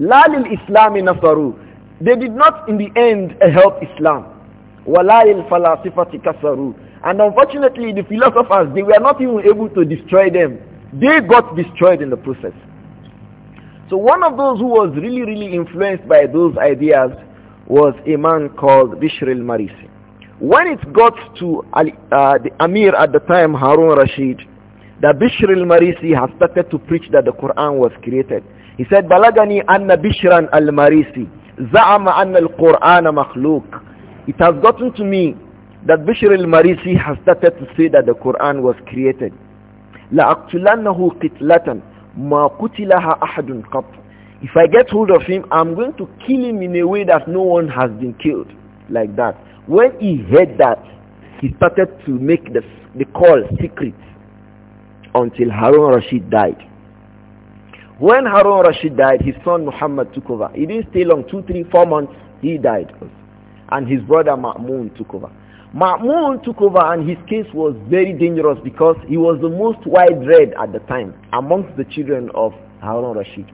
لا للإسلام نصروا They did not in the end help Islam. ولا للفلاسفة كسروا And unfortunately, the philosophers, they were not even able to destroy them. They got destroyed in the process. So one of those who was really, really influenced by those ideas was a man called Bishr al-Marisi. When it got to Ali, uh, the Amir at the time, Harun Rashid, that Bishr al-Marisi had started to preach that the Quran was created. He said, Balagani anna Bishran al-Marisi, za'ama anna al quran makhluk. It has gotten to me that Bishr al-Marisi has started to say that the Quran was created. لَأَقْتُلَنَّهُ قِتْلَةً مَا قُتِلَهَا أَحَدٌ قَطْ If I get hold of him, I'm going to kill him in a way that no one has been killed like that. When he heard that, he started to make the, the call secret until Harun Rashid died. When Harun Rashid died, his son Muhammad took over. He didn't stay long, two, three, four months, he died. And his brother Ma'mun took over. Ma'mun took over and his case was very dangerous because he was the most wide read at the time amongst the children of Harun Rashid.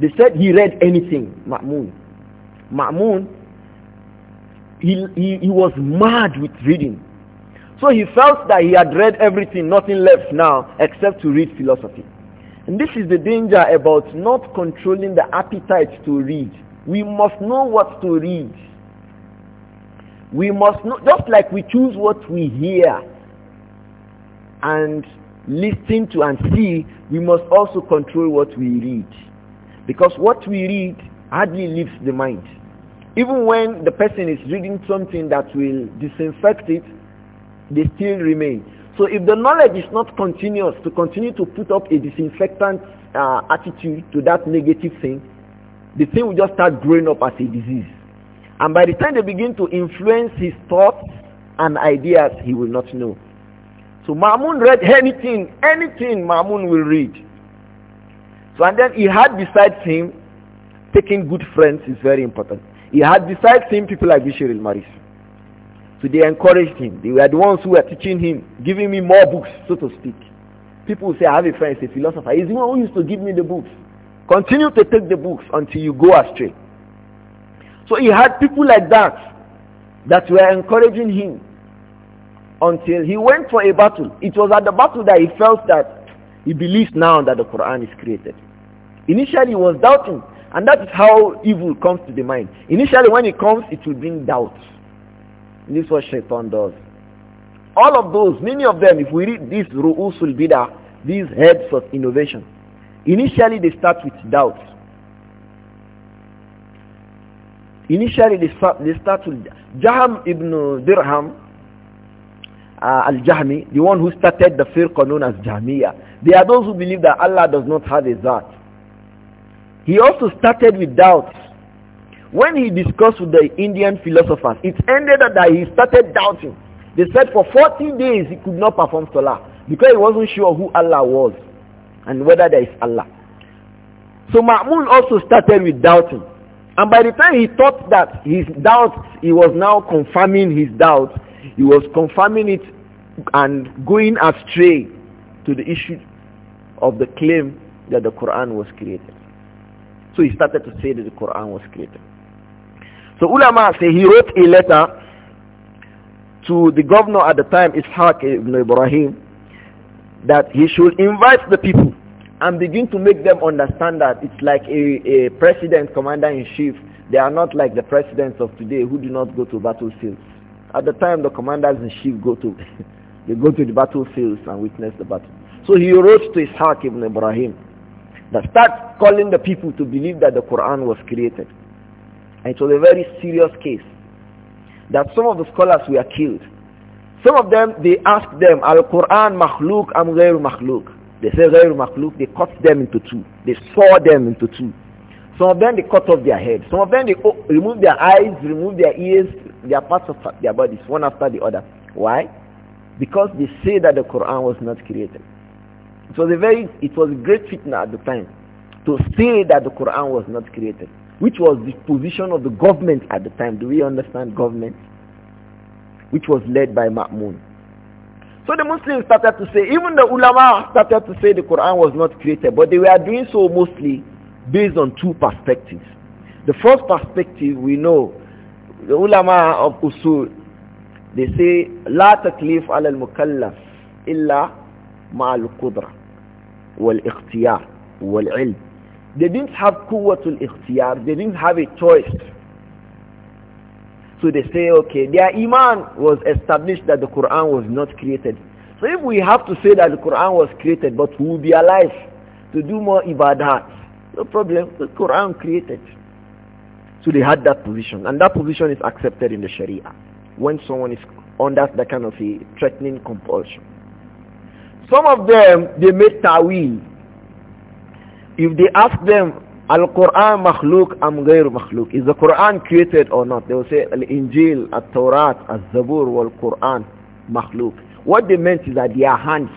They said he read anything, Ma'mun. Ma'mun, he, he, he was mad with reading. So he felt that he had read everything, nothing left now except to read philosophy. And this is the danger about not controlling the appetite to read. We must know what to read. We must know, just like we choose what we hear and listen to and see, we must also control what we read. Because what we read hardly leaves the mind. Even when the person is reading something that will disinfect it, they still remain. So if the knowledge is not continuous to continue to put up a disinfectant uh, attitude to that negative thing, the thing will just start growing up as a disease. And by the time they begin to influence his thoughts and ideas, he will not know. So Ma'mun read anything, anything Ma'mun will read. So and then he had besides him, taking good friends is very important. He had besides him people like Bishir maris So they encouraged him. They were the ones who were teaching him, giving me more books, so to speak. People would say, I have a friend, he's a philosopher. He's the one who used to give me the books. Continue to take the books until you go astray. So he had people like that that were encouraging him until he went for a battle. It was at the battle that he felt that he believes now that the Quran is created. Initially he was doubting and that is how evil comes to the mind. Initially when it comes it will bring doubt. And this is what Shaitan does. All of those, many of them, if we read these ru'usul bidah, these heads of innovation, initially they start with doubt. Initially, they start, they start with Jaham ibn Dirham uh, al-Jahmi, the one who started the firqa known as Jahmiya. They are those who believe that Allah does not have a Zat. He also started with doubts. When he discussed with the Indian philosophers, it ended that he started doubting. They said for 40 days he could not perform Salah because he wasn't sure who Allah was and whether there is Allah. So Ma'mun also started with doubting. And by the time he thought that his doubt, he was now confirming his doubt, he was confirming it and going astray to the issue of the claim that the Quran was created. So he started to say that the Quran was created. So ulama say he wrote a letter to the governor at the time, Ishaq ibn Ibrahim, that he should invite the people and begin to make them understand that it's like a, a president commander-in-chief. They are not like the presidents of today who do not go to battlefields. At the time, the commanders-in-chief go to, they go to the battlefields and witness the battle. So he wrote to Ishaq ibn Ibrahim that start calling the people to believe that the Quran was created. And it was a very serious case that some of the scholars were killed. Some of them, they asked them, Al-Quran makhluk am ghayr makhluk. They say Ghayr Makhluk, they cut them into two. They saw them into two. Some of them they cut off their head. Some of them they remove their eyes, remove their ears, their parts of their bodies, one after the other. Why? Because they say that the Quran was not created. It was a very, it was a great fitna at the time to say that the Quran was not created, which was the position of the government at the time. Do we understand government? Which was led by Ma'mun. So the Muslims started to say, even the ulama started to say the Quran was not created, but they were doing so mostly based on two perspectives. The first perspective we know, the ulama of usul, they say, لا تكليف على المكلف إلا مع القدرة والاختيار والعلم. They didn't have قوة الاختيار, they didn't have a choice so they say, okay, their iman was established that the Quran was not created. So if we have to say that the Quran was created, but we will be alive to do more ibadah, no problem, the Quran created. So they had that position. And that position is accepted in the Sharia when someone is under that kind of a threatening compulsion. Some of them, they made ta'wil. If they ask them, Al-Quran makhluk am ghayr makhluk. Is the Quran created or not? They will say Al-Injil, Al-Tawrat, Al-Zabur, Al-Quran makhluk. What they meant is that their hands,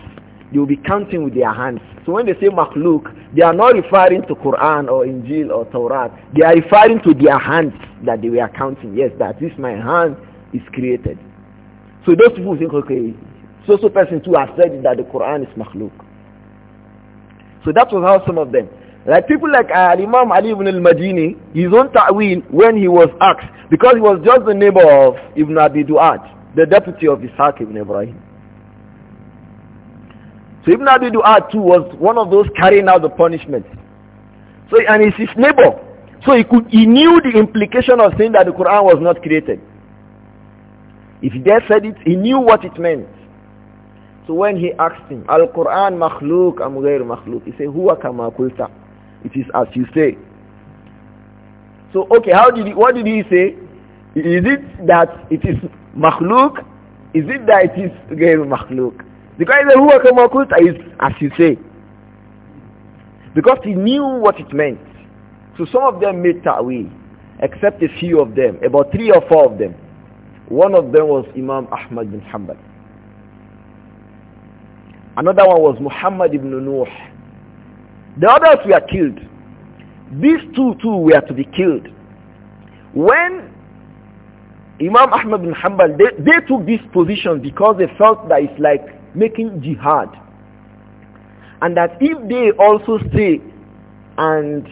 they will be counting with their hands. So when they say makhluk, they are not referring to Quran or Injil or Tawrat. They are referring to their hands that they were counting. Yes, that this my hand is created. So those people think, okay, so so person too has said that the Quran is makhluk. So that was how some of them. Like people like uh, Imam Ali ibn al-Madini, his own ta'wil when he was asked, because he was just the neighbor of Ibn Abi Du'at, the deputy of Ishaq ibn Ibrahim. So Ibn Abi Du'at too was one of those carrying out the punishment. So, and he's his neighbor. So he, could, he knew the implication of saying that the Quran was not created. If he there said it, he knew what it meant. So when he asked him, Al-Quran makhluk am ghair makhluk, he said, Huwa kama kulta. It is as you say. So okay, how did he, what did he say? Is it that it is makhluk? Is it that it is again makhluk? Because the huwa kamakulta is as you say. Because he knew what it meant. So some of them made ta'wil, except a few of them, about three or four of them. One of them was Imam Ahmad bin Hanbal. Another one was Muhammad ibn Nuh the others were killed. These two too were to be killed. When Imam Ahmad bin Hanbal, they, they took this position because they felt that it's like making jihad. And that if they also say and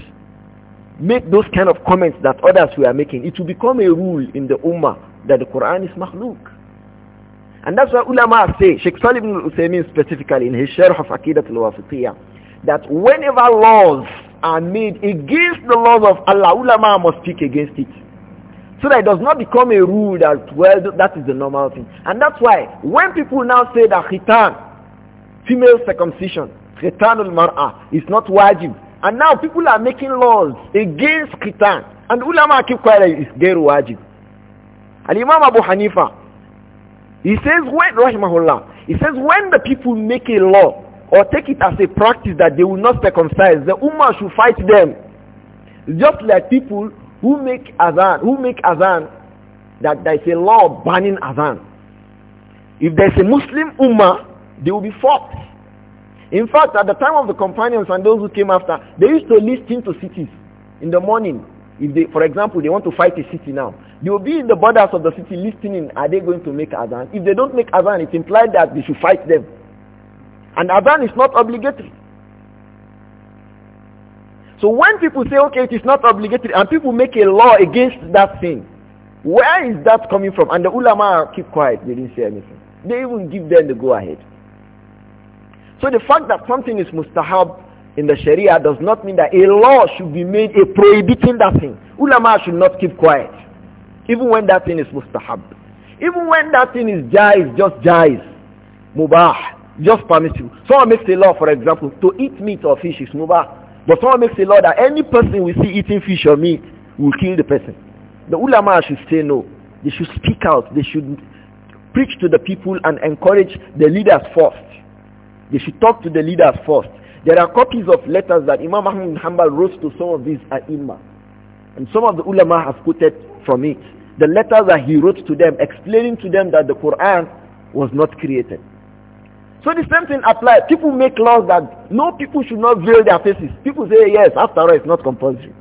make those kind of comments that others were making, it will become a rule in the Ummah that the Quran is makhluk. And that's why ulama say, Sheikh Salim ibn Uthaymeen specifically in his Sharh of Aqidat al-Wafiqiyah, that whenever laws are made against the laws of Allah, ulama must speak against it. So that it does not become a rule that, well, that is the normal thing. And that's why when people now say that khitan, female circumcision, al mar'ah, is not wajib. And now people are making laws against khitan. And ulama keep quiet, it's geru wajib. And Imam Abu Hanifa, he says when, rahimahullah, he says when the people make a law or take it as a practice that they will not circumcise. The Ummah should fight them. Just like people who make Azan, who make Azan, that there is a law banning Azan. If there is a Muslim Ummah, they will be fought. In fact, at the time of the companions and those who came after, they used to list into cities in the morning. If they, for example, they want to fight a city now, they will be in the borders of the city listening. Are they going to make Azan? If they don't make Azan, it implies that they should fight them. And Adhan is not obligatory. So when people say, okay, it is not obligatory, and people make a law against that thing, where is that coming from? And the ulama keep quiet. They didn't say anything. They even give them the go-ahead. So the fact that something is mustahab in the Sharia does not mean that a law should be made a prohibiting that thing. Ulama should not keep quiet. Even when that thing is mustahab. Even when that thing is jais, just jais. Mubah just permits you. Someone makes a law, for example, to eat meat or fish is mubah. But someone makes a law that any person we see eating fish or meat will kill the person. The ulama should say no. They should speak out. They should preach to the people and encourage the leaders first. They should talk to the leaders first. There are copies of letters that Imam Ahmad bin Hanbal wrote to some of these ai And some of the ulama have quoted from it. The letters that he wrote to them explaining to them that the Quran was not created. So the same thing applies. People make laws that no people should not veil their faces. People say, yes, after all, it's not compulsory.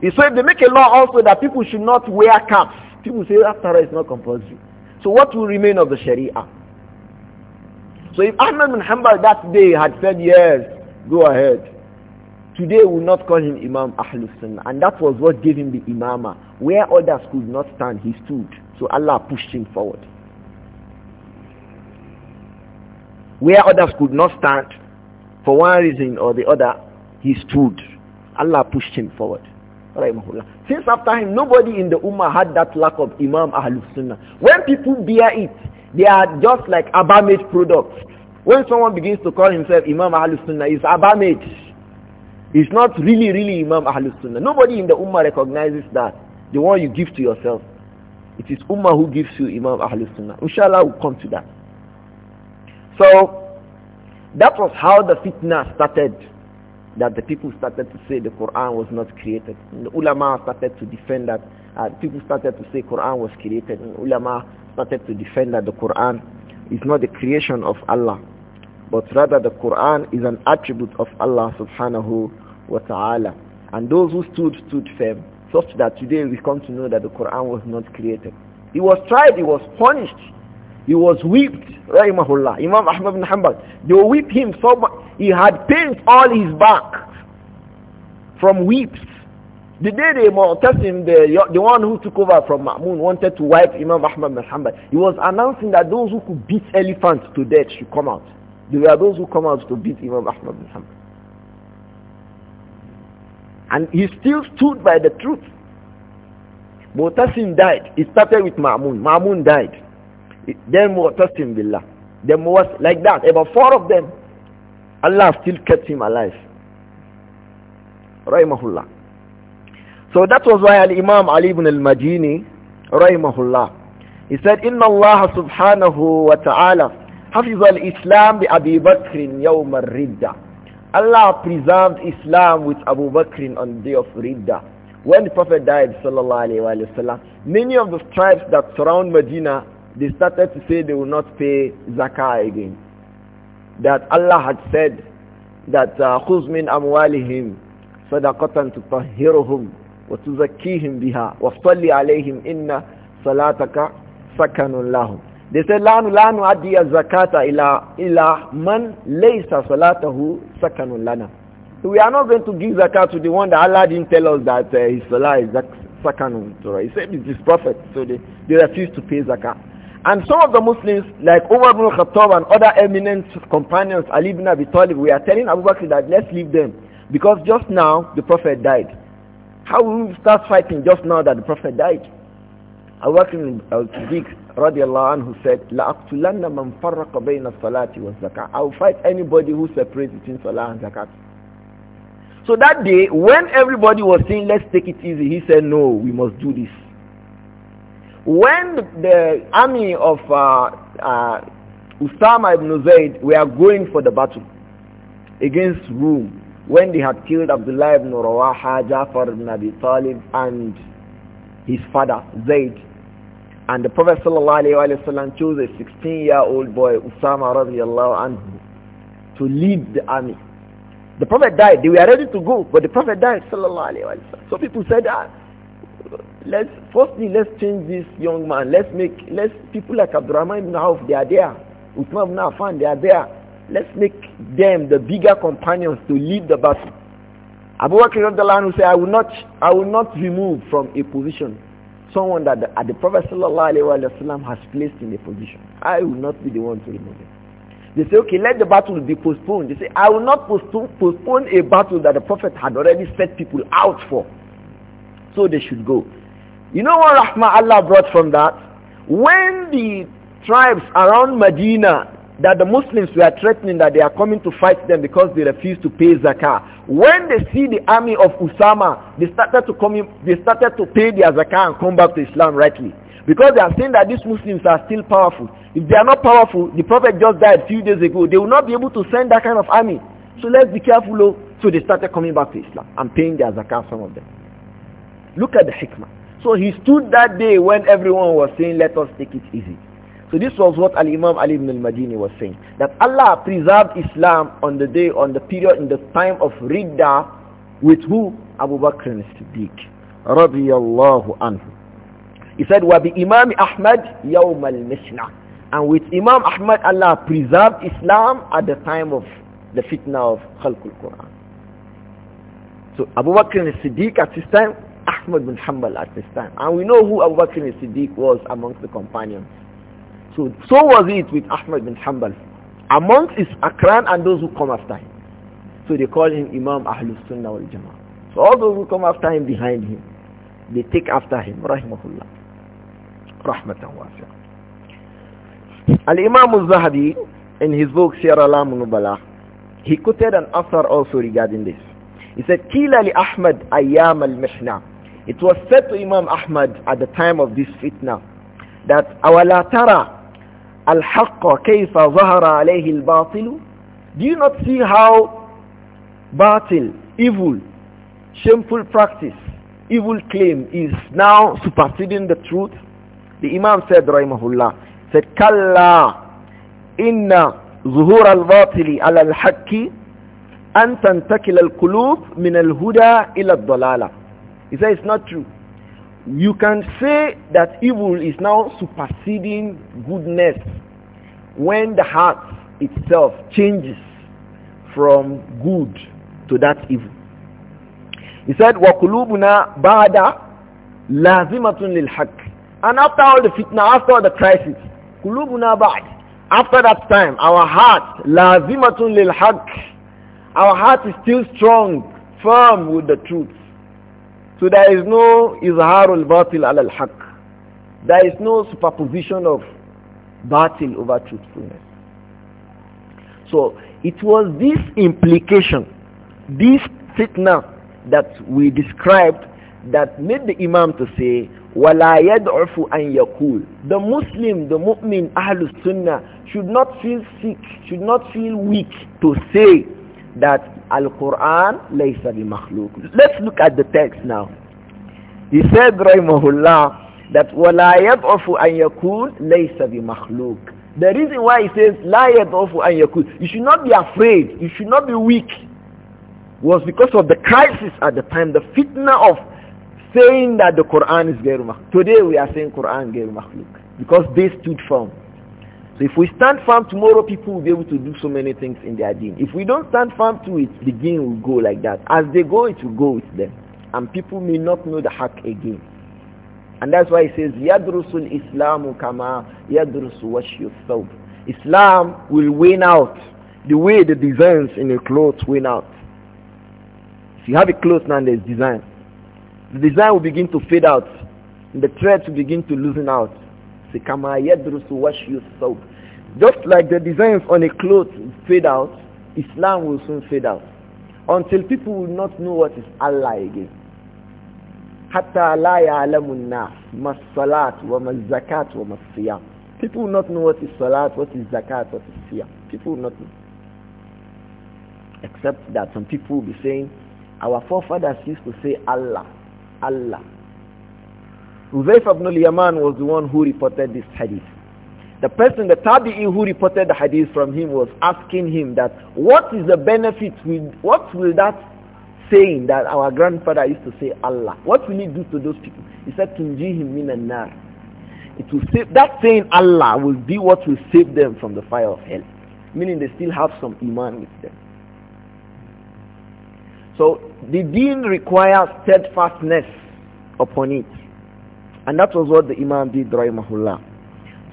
He said they make a law also that people should not wear caps. People say, after all, it's not compulsory. So what will remain of the Sharia? So if Ahmad bin Hanbal that day had said, yes, go ahead, today we will not call him Imam Ahlul Sunnah. And that was what gave him the imama. Where others could not stand, he stood. So Allah pushed him forward. Where others could not stand, for one reason or the other, he stood. Allah pushed him forward. Since after him, nobody in the Ummah had that lack of Imam Ahlul Sunnah. When people bear it, they are just like Abamate products. When someone begins to call himself Imam Ahlul Sunnah, he's Abamate. he's not really, really Imam Ahlul Sunnah. Nobody in the Ummah recognizes that. The one you give to yourself. It is Ummah who gives you Imam Ahlul Sunnah. Inshallah, we'll come to that. So that was how the fitna started, that the people started to say the Quran was not created. And the ulama started to defend that. Uh, people started to say Quran was created. And ulama started to defend that the Quran is not the creation of Allah, but rather the Quran is an attribute of Allah subhanahu wa ta'ala. And those who stood, stood firm, such that today we come to know that the Quran was not created. It was tried, it was punished he was whipped, rahimahullah. Imam Ahmad bin Hanbal. They whipped him so much. He had pains all his back from whips. The day they him, the, the one who took over from Ma'mun, wanted to wipe Imam Ahmad bin Hanbal. He was announcing that those who could beat elephants to death should come out. There were those who come out to beat Imam Ahmad bin Hanbal. And he still stood by the truth. Mu'tasim died. It started with Ma'mun. Ma'mun died. Then testing Billah. Then was like that. About four of them. Allah still kept him alive. Rahimahullah. So that was why Al-Imam Ali ibn al-Majini, Rahimahullah, he said, Inna Allah Taala hafiz al-Islam bi Abi Bakr بَكْرٍ يَوْمَ الرِّدَّةِ Allah preserved Islam with Abu Bakr on the day of Ridda. When the Prophet died, sallallahu alayhi wa many of the tribes that surround Medina they started to say they will not pay zakah again. That Allah had said that خُذْ مِنْ أَمْوَالِهِمْ صَدَقَةً تُطَهِّرُهُمْ وَتُزَكِّيهِمْ بِهَا وَافْطَلِّ عَلَيْهِمْ إِنَّ صَلَاتَكَ سَكَنٌ لَهُمْ They said, لَا نُعَدِّيَ الزَّكَاةَ إِلَىٰ إِلَىٰ مَنْ لَيْسَ صَلَاتَهُ سَكَنٌ لَنَا so we are not going to give zakat to the one that Allah didn't tell us that uh, his salah is zakat. He said it is prophet, so they, they refuse to pay zakat. And some of the Muslims, like Umar ibn Khattab and other eminent companions, Ali ibn Abi Talib, we are telling Abu Bakr that let's leave them. Because just now, the Prophet died. How will we start fighting just now that the Prophet died? Abu Bakr al-Siddiq radiallahu anhu said, لَأَقْتُلَنَّ مَنْ فَرَّقَ بَيْنَ الصَّلَاةِ وَالزَّكَاةِ I will fight anybody who separates between Salah and Zakat. So that day, when everybody was saying, let's take it easy, he said, no, we must do this. When the army of uh, uh, Usama ibn Zayd were going for the battle against Rome, when they had killed Abdullah ibn Rawaha, Jafar ibn Abi Talib, and his father Zayd, and the Prophet ﷺ chose a 16-year-old boy, Usama radiallahu anhu, to lead the army. The Prophet died. They were ready to go, but the Prophet died. So people said, ah, let's firstly let's change this young man. Let's make let's people like Abdurrahman ibn Auf, they are there. Uthman ibn Affan, they are there. Let's make them the bigger companions to lead the battle. Abu Bakr who said, I will not I will not remove from a position someone that the, uh, the Prophet wasallam has placed in a position. I will not be the one to remove it. They say, okay, let the battle be postponed. They say, I will not postpone, postpone a battle that the Prophet had already set people out for. So they should go. You know what Rahma Allah brought from that? When the tribes around Medina that the Muslims were threatening that they are coming to fight them because they refuse to pay zakah. When they see the army of Usama, they started to come in, they started to pay their zakah and come back to Islam rightly. Because they are saying that these Muslims are still powerful. If they are not powerful, the Prophet just died a few days ago, they will not be able to send that kind of army. So let's be careful. Oh. So they started coming back to Islam and paying their zakah, some of them. Look at the hikmah. So he stood that day when everyone was saying, let us take it easy. So this was what Al-Imam Ali ibn al-Madini was saying. That Allah preserved Islam on the day, on the period, in the time of Ridda with who? Abu Bakr al siddiq Radiyallahu anhu. He said, Imam Ahmad أَحْمَدْ al mishnah And with Imam Ahmad, Allah preserved Islam at the time of the fitna of Khalqul Quran. So Abu Bakr al siddiq at this time Ahmad bin Hanbal at this time. And we know who Abu Bakr as Siddiq was amongst the companions. So, so was it with Ahmad bin Hanbal. Amongst his Akran and those who come after him. So they call him Imam Ahlul Sunnah wal Jama'ah. So all those who come after him, behind him, they take after him. Rahimahullah. Rahmatan wasi'ah. Al-Imam al-Zahabi, in his book Sierra Alam Nubala, he quoted an author also regarding this. He said, Ahmad لأحمد أيام المحنة it was said to Imam Ahmad at the time of this fitna that أَوَلَا تَرَى الْحَقَّ كَيْفَ ظَهَرَ عَلَيْهِ الْبَاطِلُ Do you not see how batil, evil, shameful practice, evil claim is now superseding the truth? The Imam said, Rahimahullah, said, كَلَّا إِنَّ ظهور الباطل على الحق أن تنتقل القلوب من الهدى إلى الضلالة he said it's not true. You can say that evil is now superseding goodness when the heart itself changes from good to that evil. He said, وَقُلُوبُنَا بَعْدَ لَازِمَةٌ لِلْحَقِّ And after all the fitna, after all the crisis, قُلُوبُنَا بَعْدَ After that time, our heart, لَازِمَةٌ لِلْحَقِّ Our heart is still strong, firm with the truth. So there is no izharul batil al haq. There is no superposition of batil over truthfulness. So it was this implication, this fitna that we described that made the Imam to say, وَلَا يَدْعُفُ أَنْ يَقُولُ The Muslim, the mu'min, Ahlul Sunnah should not feel sick, should not feel weak to say that Al-Quran laysa bi Let's look at the text now. He said, Rahimahullah, that وَلَا يَضْعُفُ أَنْ يَكُونَ لَيْسَ بِمَخْلُوقٍ the reason why he says la yadofu أن yakun, you should not be afraid, you should not be weak, was because of the crisis at the time, the fitna of saying that the Quran is مخلوق. Today we are saying Quran مخلوق because they stood firm. So if we stand firm tomorrow, people will be able to do so many things in their deen. If we don't stand firm to it, the deen will go like that. As they go, it will go with them. And people may not know the haq again. And that's why he says, Yadrusul Islamu kama yadrusu washu thawb. Islam will win out the way the designs in a cloth win out. If you have a cloth now and there's design, the design will begin to fade out. the threads will begin to loosen out. See, kama yadrusu washu thawb just like the designs on a cloth fade out, Islam will soon fade out. Until people will not know what is Allah again. حتى لا يعلم الناس wa الصلاة وما الزكاة وما الصيام. People will not know what is salat, what is zakat, what is siyam. People will not know. Except that some people will be saying, our forefathers used to say Allah, Allah. Uzayf ibn al-Yaman was the one who reported this hadith. The person, the tabi'i who reported the hadith from him was asking him that what is the benefit, with, what will that saying that our grandfather used to say Allah, what will it do to those people? He said, Tunjihim minan nar. It will save, that saying Allah will be what will save them from the fire of hell. Meaning they still have some iman with them. So the deen requires steadfastness upon it. And that was what the Imam did, Rahimahullah.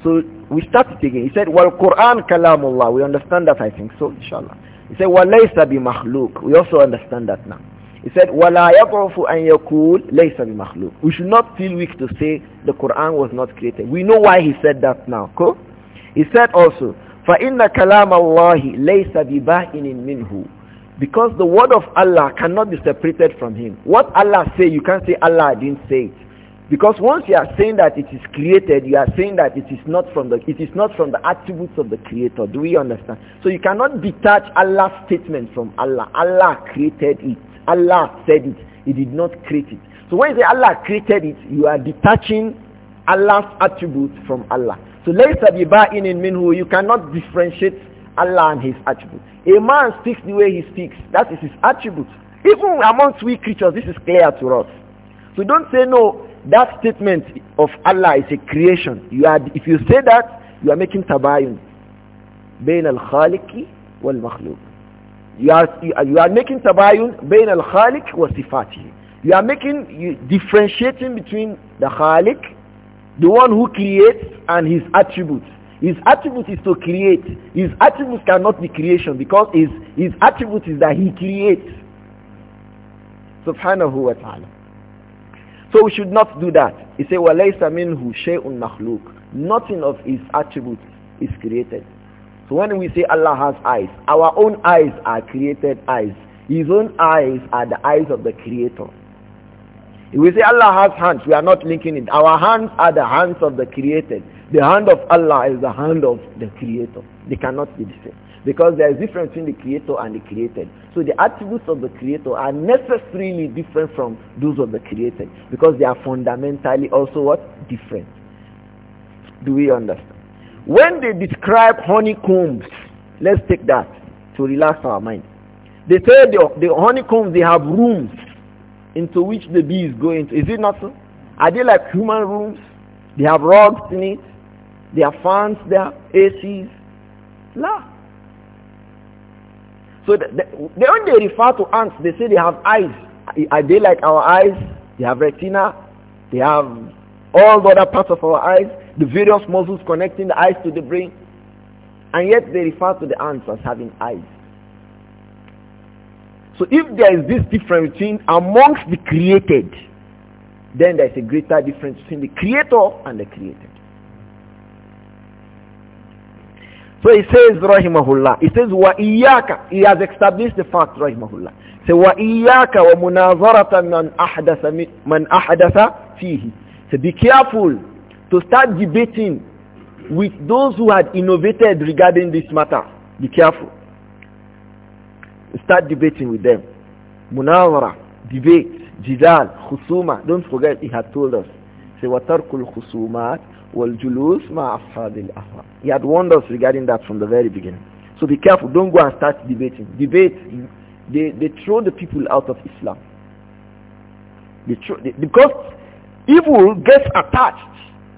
So we start it again. He said, Well Quran kalamullah. We understand that I think so, inshallah. He said, وَلَيْسَ بِمَخْلُوقٍ We also understand that now. He said, وَلَا an أَن يَقُولْ لَيْسَ بِمَخْلُوقٍ We should not feel weak to say the Quran was not created. We know why he said that now. Cool? He said also, فَإِنَّ كَلَامَ اللَّهِ لَيْسَ ba'inin minhu," Because the word of Allah cannot be separated from him. What Allah say, you can't say Allah didn't say it. Because once you are saying that it is created, you are saying that it is not from the it is not from the attributes of the creator. Do we understand? So you cannot detach Allah's statement from Allah. Allah created it. Allah said it. He did not create it. So when you say Allah created it, you are detaching Allah's attributes from Allah. So laysa in in minhu, you cannot differentiate Allah and his attributes. A man speaks the way he speaks. That is his attribute. Even amongst we creatures, this is clear to us. So don't say no, that statement of Allah is a creation. You are, if you say that, you are making tabayun. Bain al-khaliqi wal-makhluq. You are, you are making tabayun bain al-khaliq wa sifati You are making, you, differentiating between the khalik, the one who creates, and his attributes. His attribute is to create. His attributes cannot be creation because his, his attribute is that he creates. Subhanahu wa ta'ala. So we should not do that. He said, وَلَيْسَ مِنْهُ شَيْءٌ مَخْلُوقٌ Nothing of his attributes is created. So when we say Allah has eyes, our own eyes are created eyes. His own eyes are the eyes of the Creator. If we say Allah has hands, we are not linking it. Our hands are the hands of the created. The hand of Allah is the hand of the Creator. They cannot be the same. Because there is difference between the Creator and the created. So the attributes of the creator are necessarily different from those of the created because they are fundamentally also what? Different. Do we understand? When they describe honeycombs, let's take that to relax our mind. They say the, the honeycombs, they have rooms into which the bees go into. Is it not so? Are they like human rooms? They have rugs in it. They are fans there, ACs. La. So the, the, when they refer to ants, they say they have eyes. Are they like our eyes? They have retina. They have all the other parts of our eyes, the various muscles connecting the eyes to the brain. And yet they refer to the ants as having eyes. So if there is this difference between amongst the created, then there is a greater difference between the creator and the created. So he says, rahimahullah. He says, wa iyaka. He has established the fact, rahimahullah. He says, wa iyaka wa munazarata man ahdasa, man ahdasa fihi. So be careful to start debating with those who had innovated regarding this matter. Be careful. Start debating with them. Munawara, debate, jidal, khusuma. Don't forget he had told us. Say, وَتَرْكُ الْخُصُومَاتِ وَالْجُلُوسُ مَعَ أَصْحَابِ He had warned us regarding that from the very beginning. So be careful. Don't go and start debating. Debate, they, they throw the people out of Islam. They throw, they, because evil gets attached.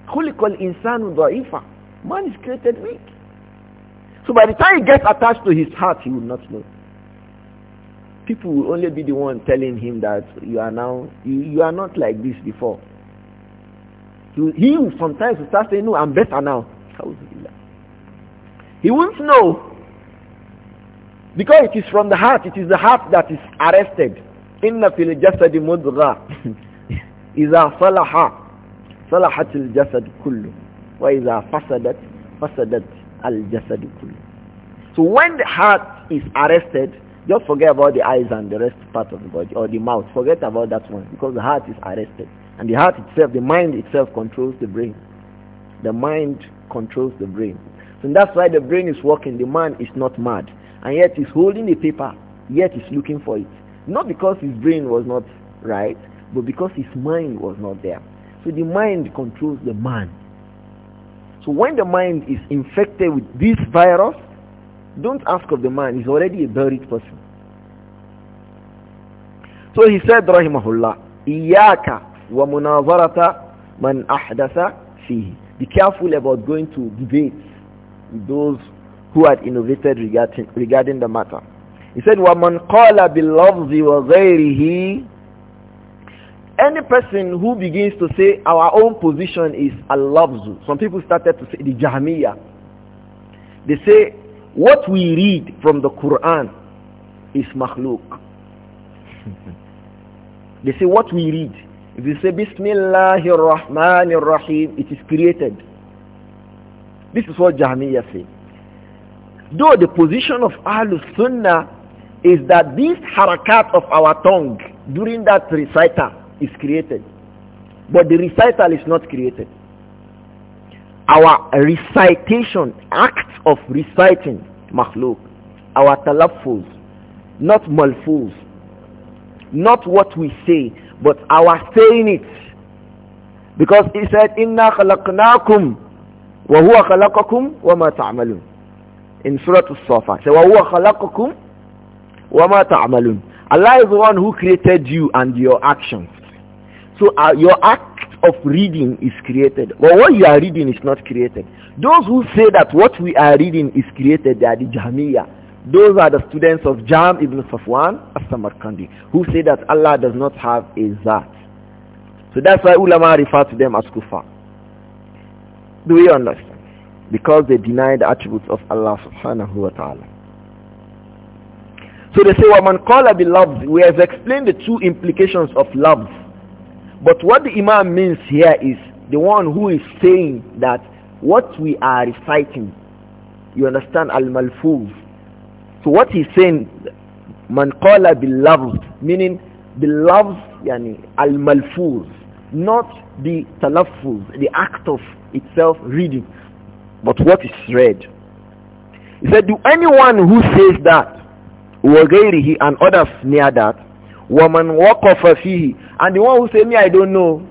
خُلِقَ الْإِنسَانُ ضَعِيفًا Man is created weak. So by the time it gets attached to his heart, he will not know. People will only be the one telling him that you are now, you, you are not like this before he will sometimes starts start saying, no, I'm better now. He won't know. Because it is from the heart. It is the heart that is arrested. إِنَّ فِي الْجَسَدِ مُضْغَى إِذَا jasad صَلَحَتِ الْجَسَدُ كُلُّ fasadat, fasadat al jasad kullu. So when the heart is arrested, just forget about the eyes and the rest part of the body or the mouth. Forget about that one because the heart is arrested. And the heart itself, the mind itself controls the brain. The mind controls the brain. So that's why the brain is working. The man is not mad. And yet he's holding the paper. Yet he's looking for it. Not because his brain was not right, but because his mind was not there. So the mind controls the man. So when the mind is infected with this virus, don't ask of the man. He's already a buried person. So he said, Rahimahullah, Iyaka be careful about going to debates with those who had innovated regarding, regarding the matter. He said, وَمَنْ قَالَ بِاللَّفْظِ وَغَيْرِهِ Any person who begins to say our own position is al-lafzu. Some people started to say the Jahmiyyah. They say what we read from the Quran is makhluk. they say what we read if you say Bismillahir Rahmanir Rahim, it is created. This is what Jahmiyyah say. Though the position of Ahlul Sunnah is that this harakat of our tongue during that recital is created. But the recital is not created. Our recitation, act of reciting, makhluk, our talafuz, not malfuz, not what we say, but our saying it, because he said, Inna khalaqnakum wa huwa khalaqakum wa ma In Surah Al-Safa, say, wa huwa khalaqakum wa ma Allah is the one who created you and your actions. So uh, your act of reading is created. But what you are reading is not created. Those who say that what we are reading is created, they are the Jahmiyyah those are the students of Jam ibn Safwan as-Samarkandi who say that Allah does not have a Zat. So that's why ulama refer to them as kuffar. Do we understand? Because they deny the attributes of Allah subhanahu wa ta'ala. So they say, وَمَنْ قَالَ بِاللَّفْزِ We have explained the two implications of loves, But what the imam means here is the one who is saying that what we are reciting, you understand, al-malfuz, so what he's saying, man qala beloved, meaning loves, yani al-malfuz, not the talafuz, the act of itself reading, but what is read. He said, do anyone who says that, وغيره and others near that, woman waqafa fihi, and the one who say, me I don't know,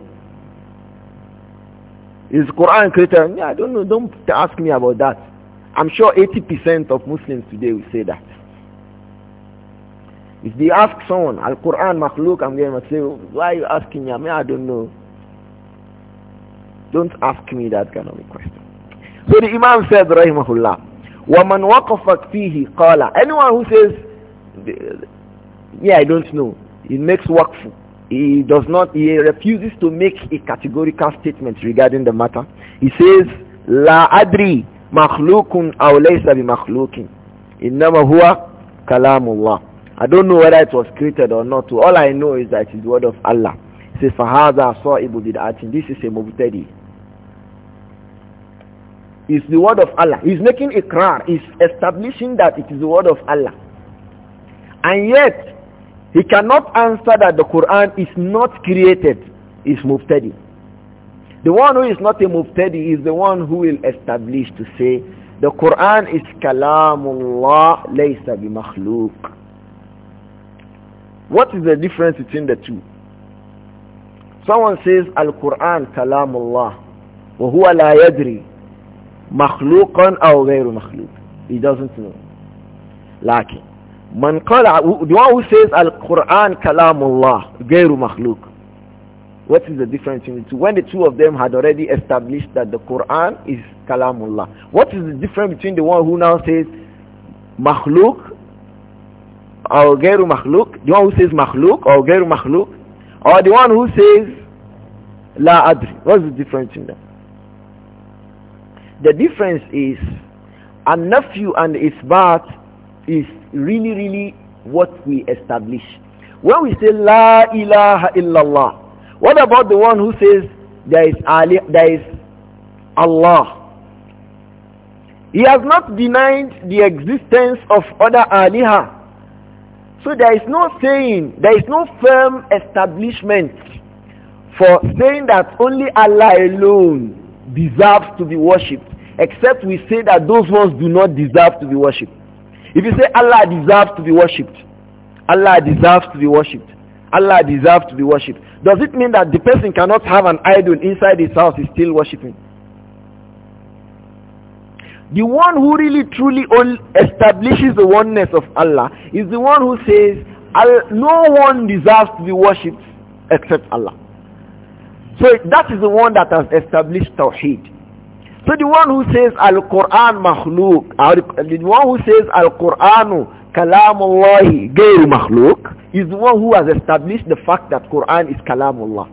is Quran creator, me I don't know, don't ask me about that. I'm sure 80% of Muslims today will say that. If they ask someone, Al-Quran, Makhluk, I'm going to say, why are you asking me? I don't know. Don't ask me that kind of a question. So the Imam said, Rahimahullah, وَمَنْ وَقَفَكْ فِيهِ قَالَ Anyone who says, yeah, I don't know, he makes waqf. He does not, he refuses to make a categorical statement regarding the matter. He says, La adri, makhlukun aw laysa bi innama huwa kalamullah i don't know whether it was created or not all i know is that it is the word of allah it says fahadha sa'ibu bid'atin this is a mubtadi it's the word of allah he's making Quran. he's establishing that it is the word of allah and yet he cannot answer that the quran is not created it's mubtadi the one who is not a muftadi is the one who will establish to say the Quran is kalamullah laysa bimakhluq. What is the difference between the two? Someone says Al-Quran kalamullah wa huwa la yadri makhluqan aw ghayru makhluq. He doesn't know. Lakin man qala the one who says Al-Quran kalamullah ghayru makhluq what is the difference between the two? When the two of them had already established that the Quran is Kalamullah. What is the difference between the one who now says Mahluk or Geru Mahluk, the one who says Mahluk or Geru Mahluk, or the one who says La Adri? What's the difference in them? The difference is a nephew and isbat is really, really what we establish. When we say La ilaha illallah, what about the one who says there is, Ali, there is Allah? He has not denied the existence of other aliha. So there is no saying, there is no firm establishment for saying that only Allah alone deserves to be worshipped, except we say that those ones do not deserve to be worshipped. If you say Allah deserves to be worshipped, Allah deserves to be worshipped, Allah deserves to be worshipped, does it mean that the person cannot have an idol inside his house is still worshipping? The one who really truly establishes the oneness of Allah is the one who says, no one deserves to be worshipped except Allah. So that is the one that has established Tawheed. So the one who says Al-Quran makhluk, the one who says Al-Quranu Kalamullahi Gayr Makhluk is the one who has established the fact that Quran is Kalamullah.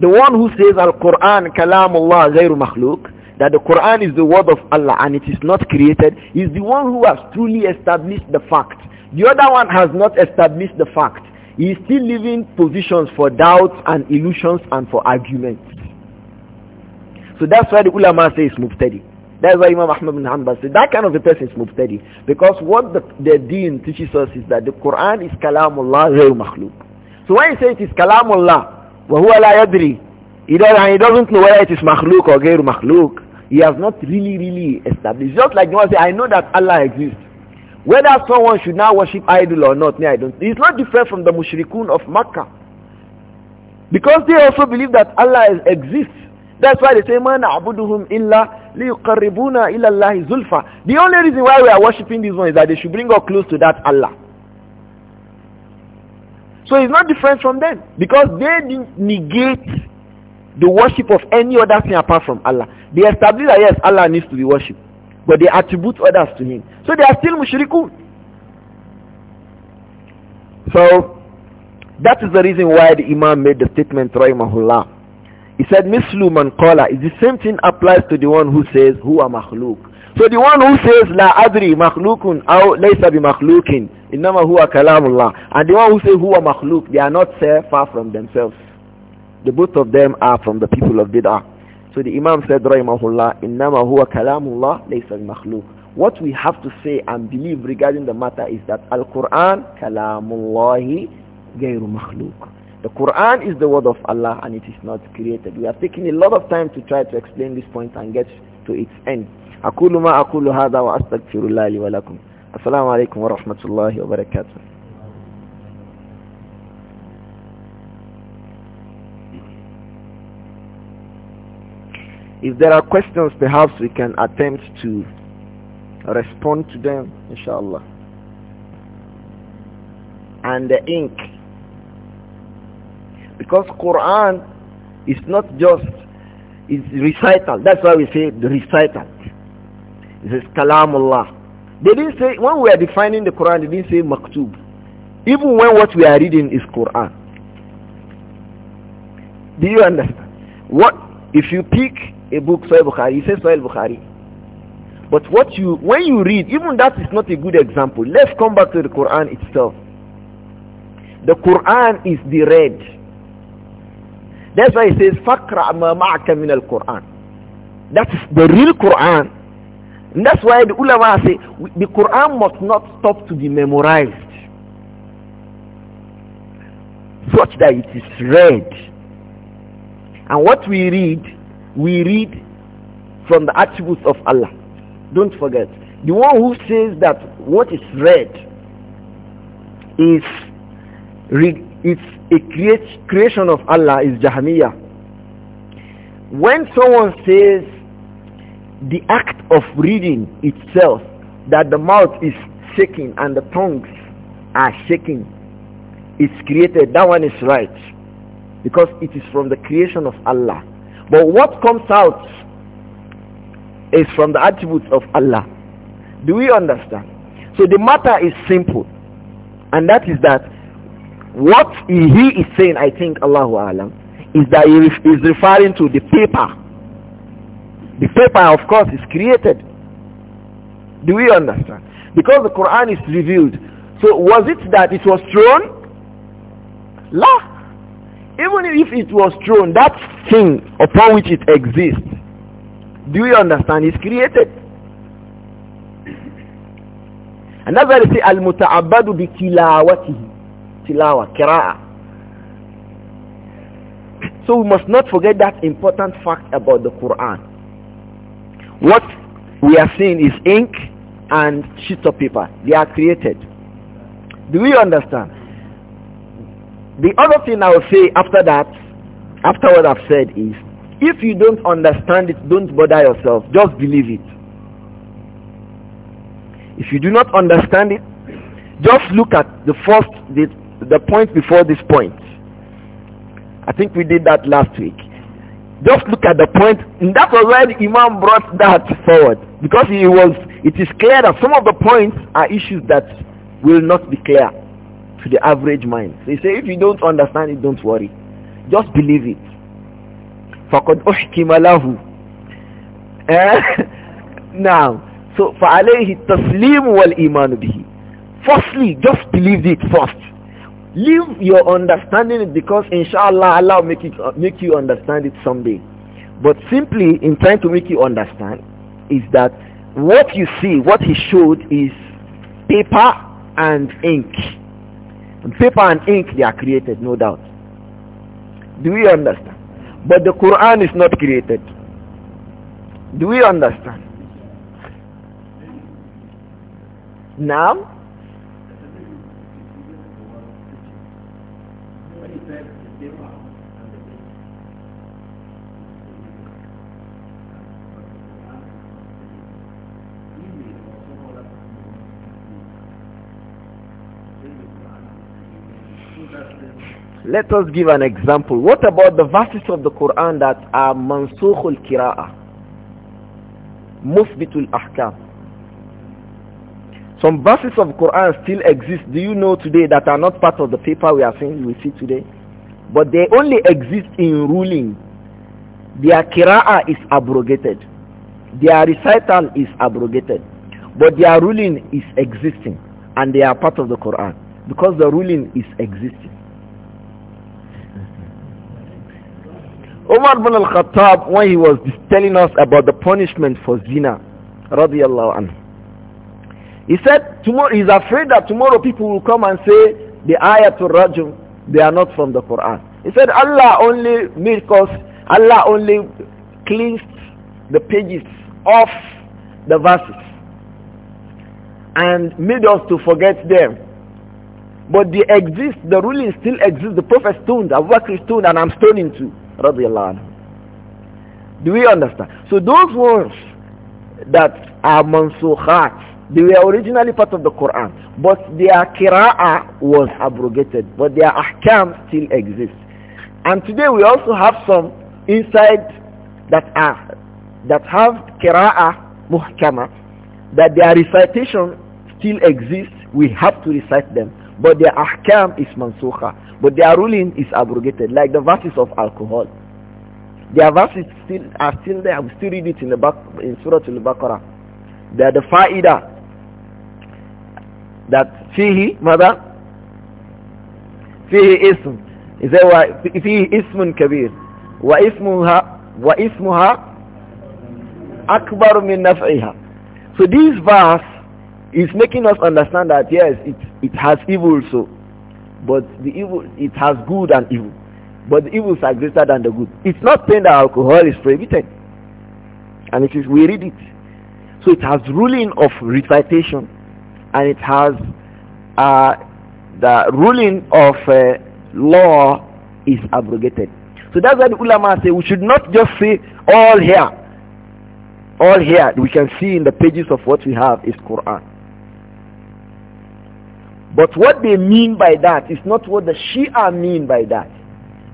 The one who says Al-Quran Kalamullah Gayr Makhluk that the Quran is the word of Allah and it is not created is the one who has truly established the fact. The other one has not established the fact. He is still leaving positions for doubts and illusions and for arguments. So that's why the ulama says muftadi. That's why Imam Ahmad bin Hanbal said that kind of a person is mubtadi. Because what the, the deen teaches us is that the Quran is kalamullah ghayr makhluk. So when you say it is kalamullah, wa huwa la yadri, he doesn't, he doesn't know whether it is makhluk or ghayr makhluk. He has not really, really established. Just like no one say, I know that Allah exists. Whether someone should now worship idol or not, no, I don't. It's not different from the mushrikun of Makkah. Because they also believe that Allah exists. That's why they say, man abuduhum illa liyuqarribuna illa Allahi zulfa. The only reason why we are worshipping this one is that they should bring us close to that Allah. So it's not different from them because they negate the worship of any other thing apart from Allah. They establish that yes, Allah needs to be worshipped, but they attribute others to Him. So they are still mushrikun. So that is the reason why the Imam made the statement, Rahimahullah he said, Mislu man qala. The same thing applies to the one who says, who are makhluk. So the one who says, la adri makhlukun aw laysa bi makhlukin, innama huwa kalamullah. And the one who says, who are makhluk, they are not far from themselves. The both of them are from the people of bid'ah. So the Imam said, rahimahullah, innama huwa kalamullah laysa bi makhluk. What we have to say and believe regarding the matter is that Al-Quran, kalamullahi, gayru makhluk. The Quran is the word of Allah and it is not created. We have taken a lot of time to try to explain this point and get to its end. أقول ما أقول هذا وأستغفر الله لي ولكم السلام عليكم ورحمة الله وبركاته If there are questions, perhaps we can attempt to respond to them, inshallah. And the ink because Quran is not just it's recital. That's why we say the recital. It says Kalamullah. They didn't say, when we are defining the Quran, they didn't say maktub. Even when what we are reading is Quran. Do you understand? What If you pick a book, Sahih Bukhari, You say Sahih Bukhari. But what you, when you read, even that is not a good example. Let's come back to the Quran itself. The Quran is the read. That's why he says, فَقْرَأْ amma kamil al-Quran." That's the real Quran. And that's why the ulama say, the Quran must not stop to be memorized. Such that it is read. And what we read, we read from the attributes of Allah. Don't forget. The one who says that what is read is, is a create, creation of Allah is Jahmiyyah. When someone says the act of reading itself, that the mouth is shaking and the tongues are shaking, is created, that one is right. Because it is from the creation of Allah. But what comes out is from the attributes of Allah. Do we understand? So the matter is simple. And that is that what he is saying, I think, Allahu Alam, is that he is referring to the paper. The paper, of course, is created. Do we understand? Because the Quran is revealed. So was it that it was thrown? La. Even if it was thrown, that thing upon which it exists, do you understand, is created. And that's why they say, Al-Muta'abadu bi tilawatihi tilawa, So we must not forget that important fact about the Quran. What we are seeing is ink and sheets of paper. They are created. Do we understand? The other thing I will say after that, after what I've said is, if you don't understand it, don't bother yourself. Just believe it. If you do not understand it, just look at the first, the the point before this point. I think we did that last week. Just look at the point. And that was why Imam brought that forward. Because he was, it is clear that some of the points are issues that will not be clear to the average mind. They say if you don't understand it, don't worry. Just believe it. فَقَدْ أُحْكِمَ لَهُ eh? Now, so فَعَلَيْهِ التَّسْلِيمُ وَالْإِيمَانُ بِهِ Firstly, just believe it first. Leave your understanding because inshallah Allah will make, it, uh, make you understand it someday. But simply in trying to make you understand is that what you see, what he showed is paper and ink. And paper and ink, they are created, no doubt. Do we understand? But the Quran is not created. Do we understand? Now, Let us give an example. What about the verses of the Quran that are mansukhul kira'ah? Musbitul ahkam. Some verses of Quran still exist. Do you know today that are not part of the paper we are seeing, we see today? But they only exist in ruling. Their kira'ah is abrogated. Their recital is abrogated. But their ruling is existing. And they are part of the Quran. Because the ruling is existing. Umar ibn al-Khattab, when he was telling us about the punishment for zina, radiallahu anhu, he said, tomorrow, he's afraid that tomorrow people will come and say, the ayatul rajul, they are not from the Quran. He said, Allah only made us, Allah only cleansed the pages of the verses and made us to forget them. But they exist, the ruling still exists. The prophet stoned, Abu Bakr stoned, and I'm stoning too radiallahu anhu. Do we understand? So those words that are mansukhat, they were originally part of the Quran, but their kiraah was abrogated, but their ahkam still exists. And today we also have some inside that are that have kiraah muhkama, that their recitation still exists, we have to recite them, but their ahkam is mansukhah. But their ruling is abrogated, like the verses of alcohol. Their verses still are still there. We still read it in the back in Surah Al-Baqarah. They are the faida that fihi mother fihi ism. Is that why fihi ismun kabir wa ismuha wa ismuha akbar min naf'iha. So this verse is making us understand that yes, it it has evil so but the evil, it has good and evil. But the evils are greater than the good. It's not saying that alcohol is prohibited. And it is, we read it. So it has ruling of recitation. And it has uh, the ruling of uh, law is abrogated. So that's why the ulama say we should not just say all here. All here we can see in the pages of what we have is Quran. But what they mean by that is not what the Shia mean by that.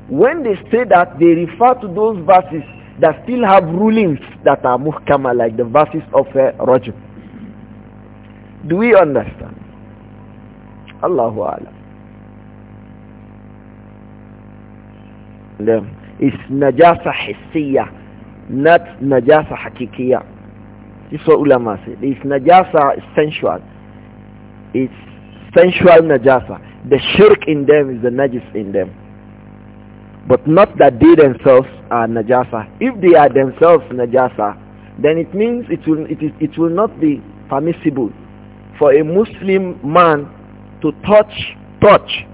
When they say that, they refer to those verses that still have rulings that are muhkama, like the verses of uh, Rajab. Do we understand? Allahu Alam. It's najasa hissiya, not najasa hakikiya. This is what ulama say. It's najasa sensual. It's sensual najasa. The shirk in them is the najis in them. But not that they themselves are najasa. If they are themselves najasa, then it means it will, it, is, it will not be permissible for a Muslim man to touch, touch.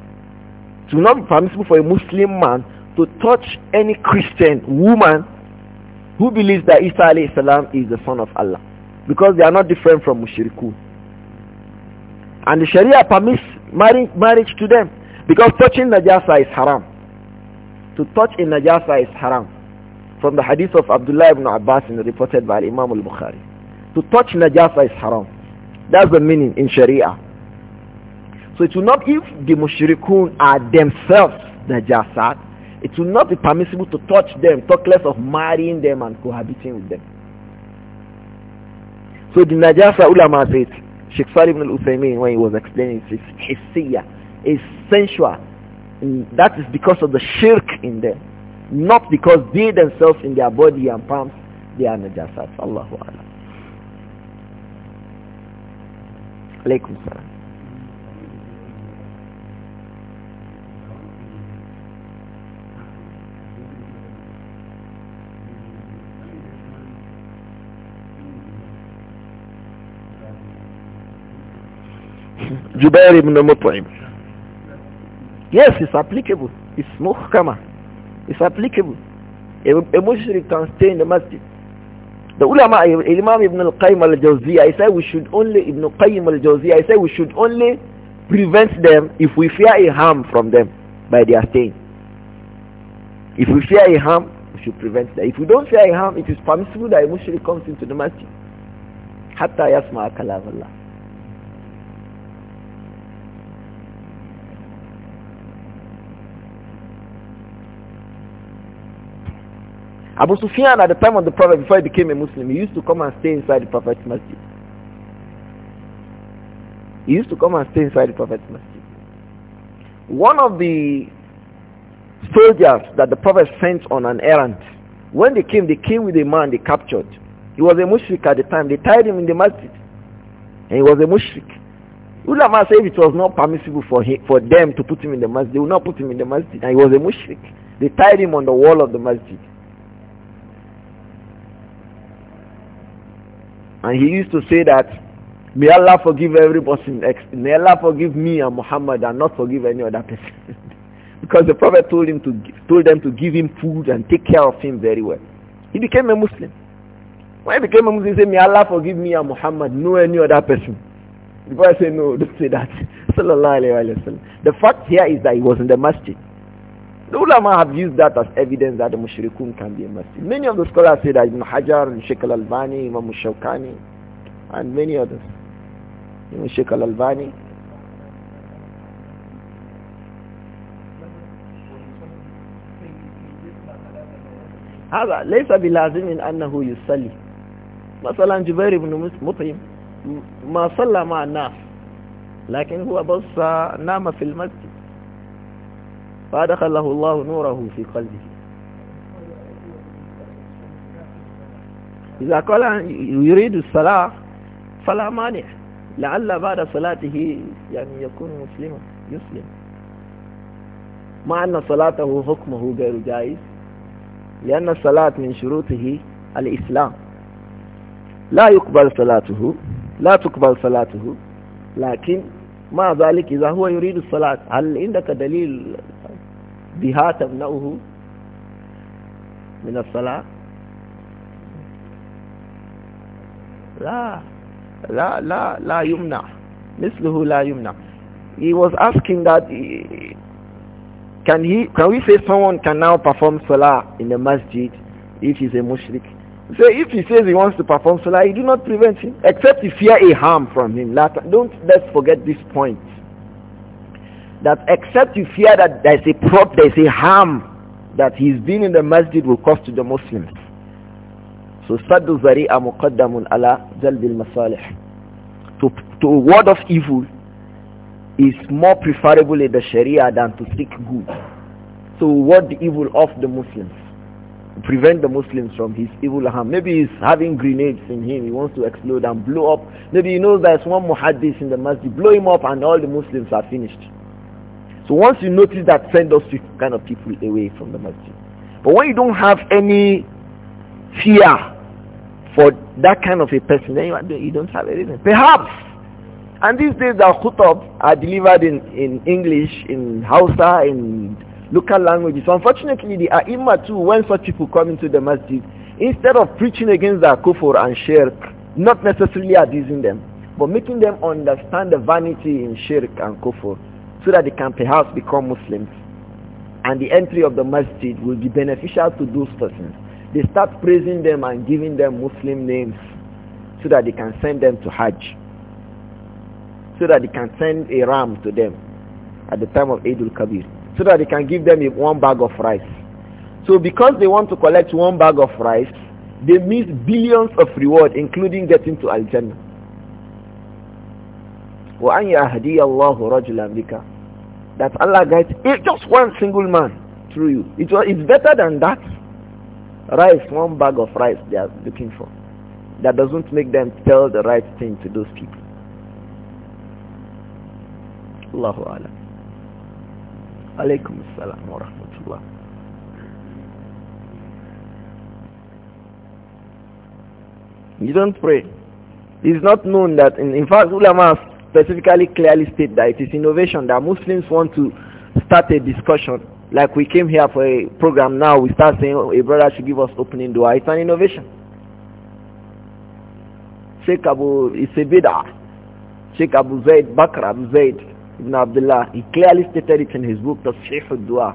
It will not be permissible for a Muslim man to touch any Christian woman who believes that Isa is the son of Allah. Because they are not different from mushrikun. And the Sharia permits marriage to them because touching najasa is haram. To touch in najasa is haram. From the hadith of Abdullah ibn Abbas reported by Imam al-Bukhari. To touch najasa is haram. That's the meaning in Sharia. So it will not, if the mushrikun are themselves najasa, it will not be permissible to touch them, talk less of marrying them and cohabiting with them. So the najasa ulama says, Sheikh Salih ibn al-Uthaymeen, when he was explaining it, is hissiyah, is sensual. And that is because of the shirk in them. Not because they themselves in their body and palms, they are najasat. Allahu Akbar. Alaykum salam. Jubair ibn Mut'im. Yes, it's applicable. It's muhkama. It's applicable. A, a mushrik can stay in the masjid. The ulama, Imam Ibn al-Qayyim al-Jawziyah, I say we should only, Ibn al-Qayyim al-Jawziyah, I say we should only prevent them if we fear a harm from them by their staying. If we fear a harm, we should prevent that. If we don't fear a harm, it is permissible that a mushrik comes into the masjid. حتى يسمع كلام الله Abu Sufyan at the time of the Prophet, before he became a Muslim, he used to come and stay inside the Prophet's masjid. He used to come and stay inside the Prophet's masjid. One of the soldiers that the Prophet sent on an errand, when they came, they came with a man they captured. He was a mushrik at the time. They tied him in the masjid. And he was a mushrik. Ulama said if it was not permissible for, him, for them to put him in the masjid, they would not put him in the masjid. And he was a mushrik. They tied him on the wall of the masjid. And he used to say that, may Allah forgive every person, may Allah forgive me and Muhammad and not forgive any other person. because the Prophet told, him to, told them to give him food and take care of him very well. He became a Muslim. When he became a Muslim, he said, may Allah forgive me and Muhammad, no any other person. The Prophet said, no, don't say that. the fact here is that he was in the masjid. The ulama have used that as evidence that the mushrikun can be a masjid. Many of the scholars say that Ibn Hajar Sheikh al-Albani, Imam al-Shawkani, and many others. Imam Sheikh al-Albani. هذا ليس بلازم أنه يصلي مثلا جبير بن مطعم ما صلى مع الناس لكن هو بص نام في المسجد له الله نوره في قلبه إذا قال يريد الصلاة فلا مانع لعل بعد صلاته يعني يكون مسلما يسلم مع أن صلاته حكمه غير جائز لأن الصلاة من شروطه الإسلام لا يقبل صلاته لا تقبل صلاته لكن ما ذلك إذا هو يريد الصلاة هل عندك دليل بها تمنعه من الصلاة لا لا لا لا يمنع مثله لا يمنع he was asking that eh, can he can we say someone can now perform salah in the masjid if he's a mushrik so if he says he wants to perform salah he do not prevent him except if fear a harm from him don't let's forget this point that except you fear that there is a prop, there is a harm that he's being in the masjid will cause to the Muslims. So saddu zari'a muqaddamun ala zalbil masalih. To, to ward off evil is more preferable in the sharia than to seek good. So ward the evil of the Muslims. Prevent the Muslims from his evil harm. Maybe he's having grenades in him. He wants to explode and blow up. Maybe he knows there's one muhaddis in the masjid. Blow him up and all the Muslims are finished. So once you notice that, send those kind of people away from the masjid. But when you don't have any fear for that kind of a person, then you don't have anything. Perhaps. And these days the khutab are delivered in, in English, in Hausa, in local languages. So unfortunately, the are too, when such people come into the masjid, instead of preaching against the kufur and shirk, not necessarily abusing them, but making them understand the vanity in shirk and kufur, so that they can perhaps become Muslims. And the entry of the masjid will be beneficial to those persons. They start praising them and giving them Muslim names so that they can send them to Hajj. So that they can send a ram to them at the time of Eid al-Kabir. So that they can give them one bag of rice. So because they want to collect one bag of rice, they miss billions of reward including getting to Al-Jannah. وَأَنْ يَهْدِيَ اللَّهُ رَجُلًا بِكَ That Allah guides eh, just one single man through you. It, it's better than that. Rice, one bag of rice they are looking for. That doesn't make them tell the right thing to those people. Allah Alam. Alaykum Assalam wa rahmatullah. You don't pray. It's not known that, in, in fact, ulama specifically clearly state that it is innovation that Muslims want to start a discussion. Like we came here for a program now, we start saying oh, a brother should give us opening dua. It's an innovation. Sheikh Abu Isabida, Sheikh Abu Zaid Bakr Abu Zaid Ibn Abdullah, he clearly stated it in his book, The Sheikh Dua,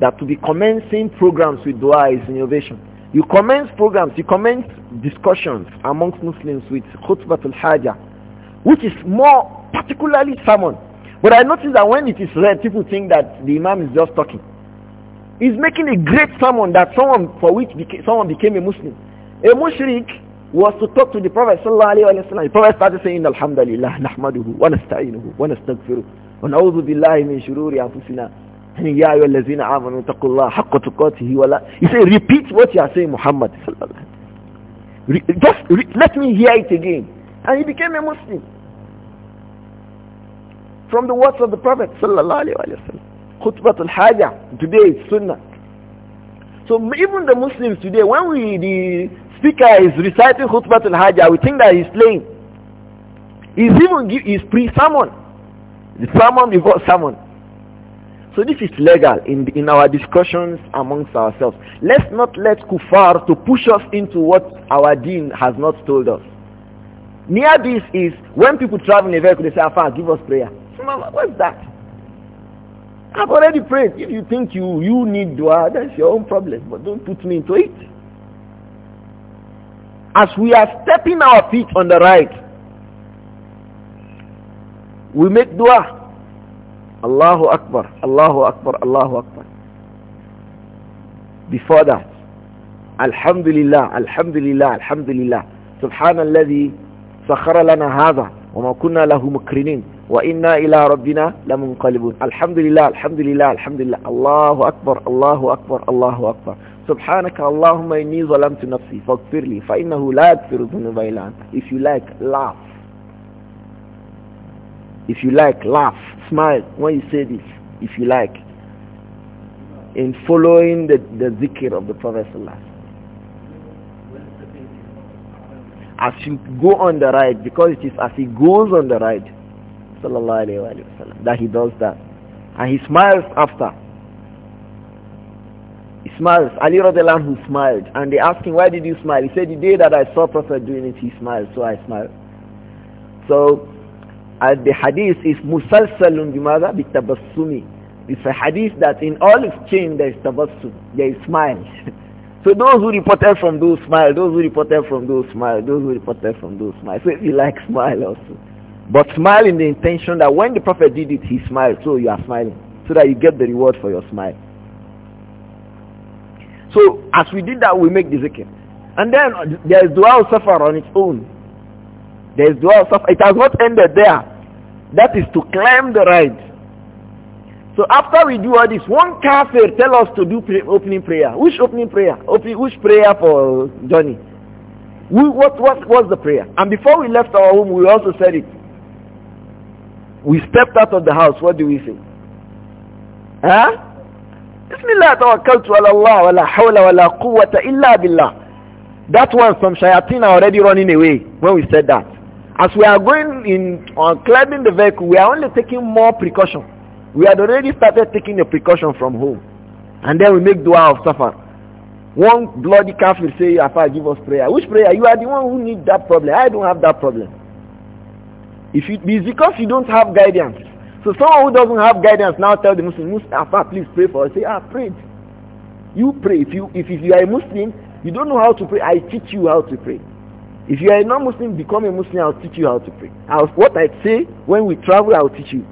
that to be commencing programs with dua is innovation. You commence programs, you commence discussions amongst Muslims with khutbatul hajjah, which is more particularly sermon. But I notice that when it is read, people think that the imam is just talking. He's making a great sermon that someone for which beca someone became a Muslim. A mushrik was to talk to the Prophet sallallahu alaihi wasallam. The Prophet started saying, Alhamdulillah, nahmaduhu, wa nasta'inuhu, wa nastaghfiruhu, wa na'udhu billahi min shururi anfusina. And ya ayyuhallazina amanu taqullaha haqqa tuqatihi wa la. He said, repeat what you are saying, Muhammad sallallahu Just re let me hear it again. And he became a Muslim from the words of the Prophet sallallahu alaihi wasallam. Khutbatul Hajjah." today is Sunnah. So even the Muslims today, when we the speaker is reciting al Hajjah, we think that he's playing. He's even give, he's pre-sermon, the sermon before sermon. So this is legal in the, in our discussions amongst ourselves. Let's not let kufar to push us into what our deen has not told us. Near this is when people travel in a vehicle, they say, Afar, give us prayer. What's that? I've already prayed. If you think you, you need dua, that's your own problem. But don't put me into it. As we are stepping our feet on the right, we make dua. Allahu Akbar, Allahu Akbar, Allahu Akbar. Before that, Alhamdulillah, Alhamdulillah, Alhamdulillah. Subhanallah, sakhara lana hadha wa ma kunna lahu mukrineen. وإنا إلى ربنا لمنقلبون الحمد لله الحمد الله أكبر الله أكبر الله أكبر سبحانك اللهم إني ظلمت نفسي فاغفر لي فإنه لا يغفر if you like laugh if you like laugh smile when you say this if you like in following the, the zikr of the Prophet as you go on the ride because it is as he goes on the ride that he does that. And he smiles after. He smiles. Ali radiallahu who smiled. And they asked him, why did you smile? He said, the day that I saw Prophet doing it, he smiled, so I smiled. So, as the hadith is musalsalun bimada bitabassumi. It's a hadith that in all exchange there is tabassum, there is smile. so those who reported from those smile, those who reported from those smile, those who reported from those smile. So if you like smile also. But smile in the intention that when the Prophet did it, he smiled. So you are smiling. So that you get the reward for your smile. So as we did that, we make the zikr. And then there is dua suffer on its own. There is dua suffer. It has not ended there. That is to climb the ride. So after we do all this, one kafir tell us to do opening prayer. Which opening prayer? Open, which prayer for Johnny? We, what, what was the prayer? And before we left our home, we also said it. We stepped out of the house, what do we say? Huh? Bismillah tawakkaltu ala Allah wa la hawla wa la quwwata illa billah. That one, some shayateen are already running away when we said that. As we are going in on uh, climbing the vehicle, we are only taking more precaution. We had already started taking the precaution from home. And then we make dua of safar. One bloody kafir say, "Afar, give us prayer. Which prayer? You are the one who need that problem. I don't have that problem. If it is because you don't have guidance. So someone who doesn't have guidance now tell the Muslim, Mustafa, please pray for us. Say, ah, prayed. You pray. If you, if, if you are a Muslim, you don't know how to pray. I teach you how to pray. If you are a non-Muslim, become a Muslim. I'll teach you how to pray. I'll, what I say when we travel, I'll teach you.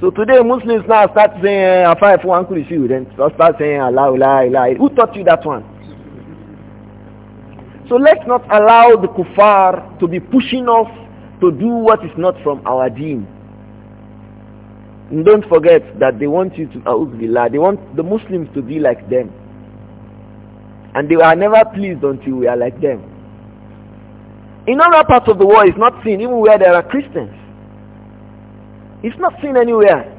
So today Muslims now start saying, ah, Afa if one could see you, then start saying Allah, Allah, Allah. Who taught you that one? So let's not allow the kuffar to be pushing us to do what is not from our deen. And don't forget that they want you to, billah, they want the Muslims to be like them. And they are never pleased until we are like them. In other parts of the world, it's not seen, even where there are Christians. It's not seen anywhere.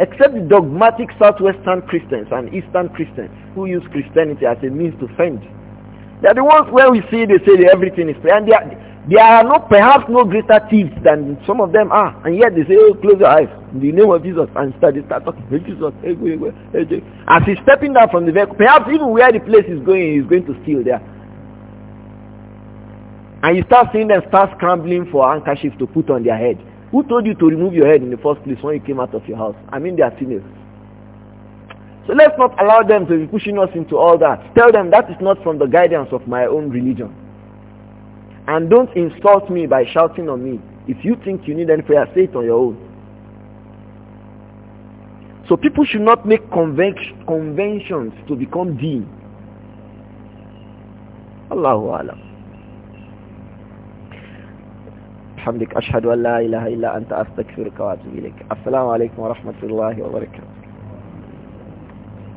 Except the dogmatic Southwestern Christians and Eastern Christians who use Christianity as a means to fend. They are the ones where we see they say everything is prayer. And they are, they are no, perhaps no greater thieves than some of them are. And yet they say, oh, close your eyes in the name of Jesus. And start, they start talking, hey, Jesus, hey, hey, hey, hey. As he's stepping down from the vehicle, perhaps even where the place is going, he's going to steal there. And you start seeing them start scrambling for handkerchiefs to put on their head. Who told you to remove your head in the first place when you came out of your house? I mean, they are thieves. So let's not allow them to be pushing us into all that. Tell them that is not from the guidance of my own religion. And don't insult me by shouting on me. If you think you need any prayer, say it on your own. So people should not make conventions to become deen. Allahu Alam. بحمدك أشهد أن لا إله إلا أنت أستغفرك وأتوب إليك السلام عليكم ورحمة الله وبركاته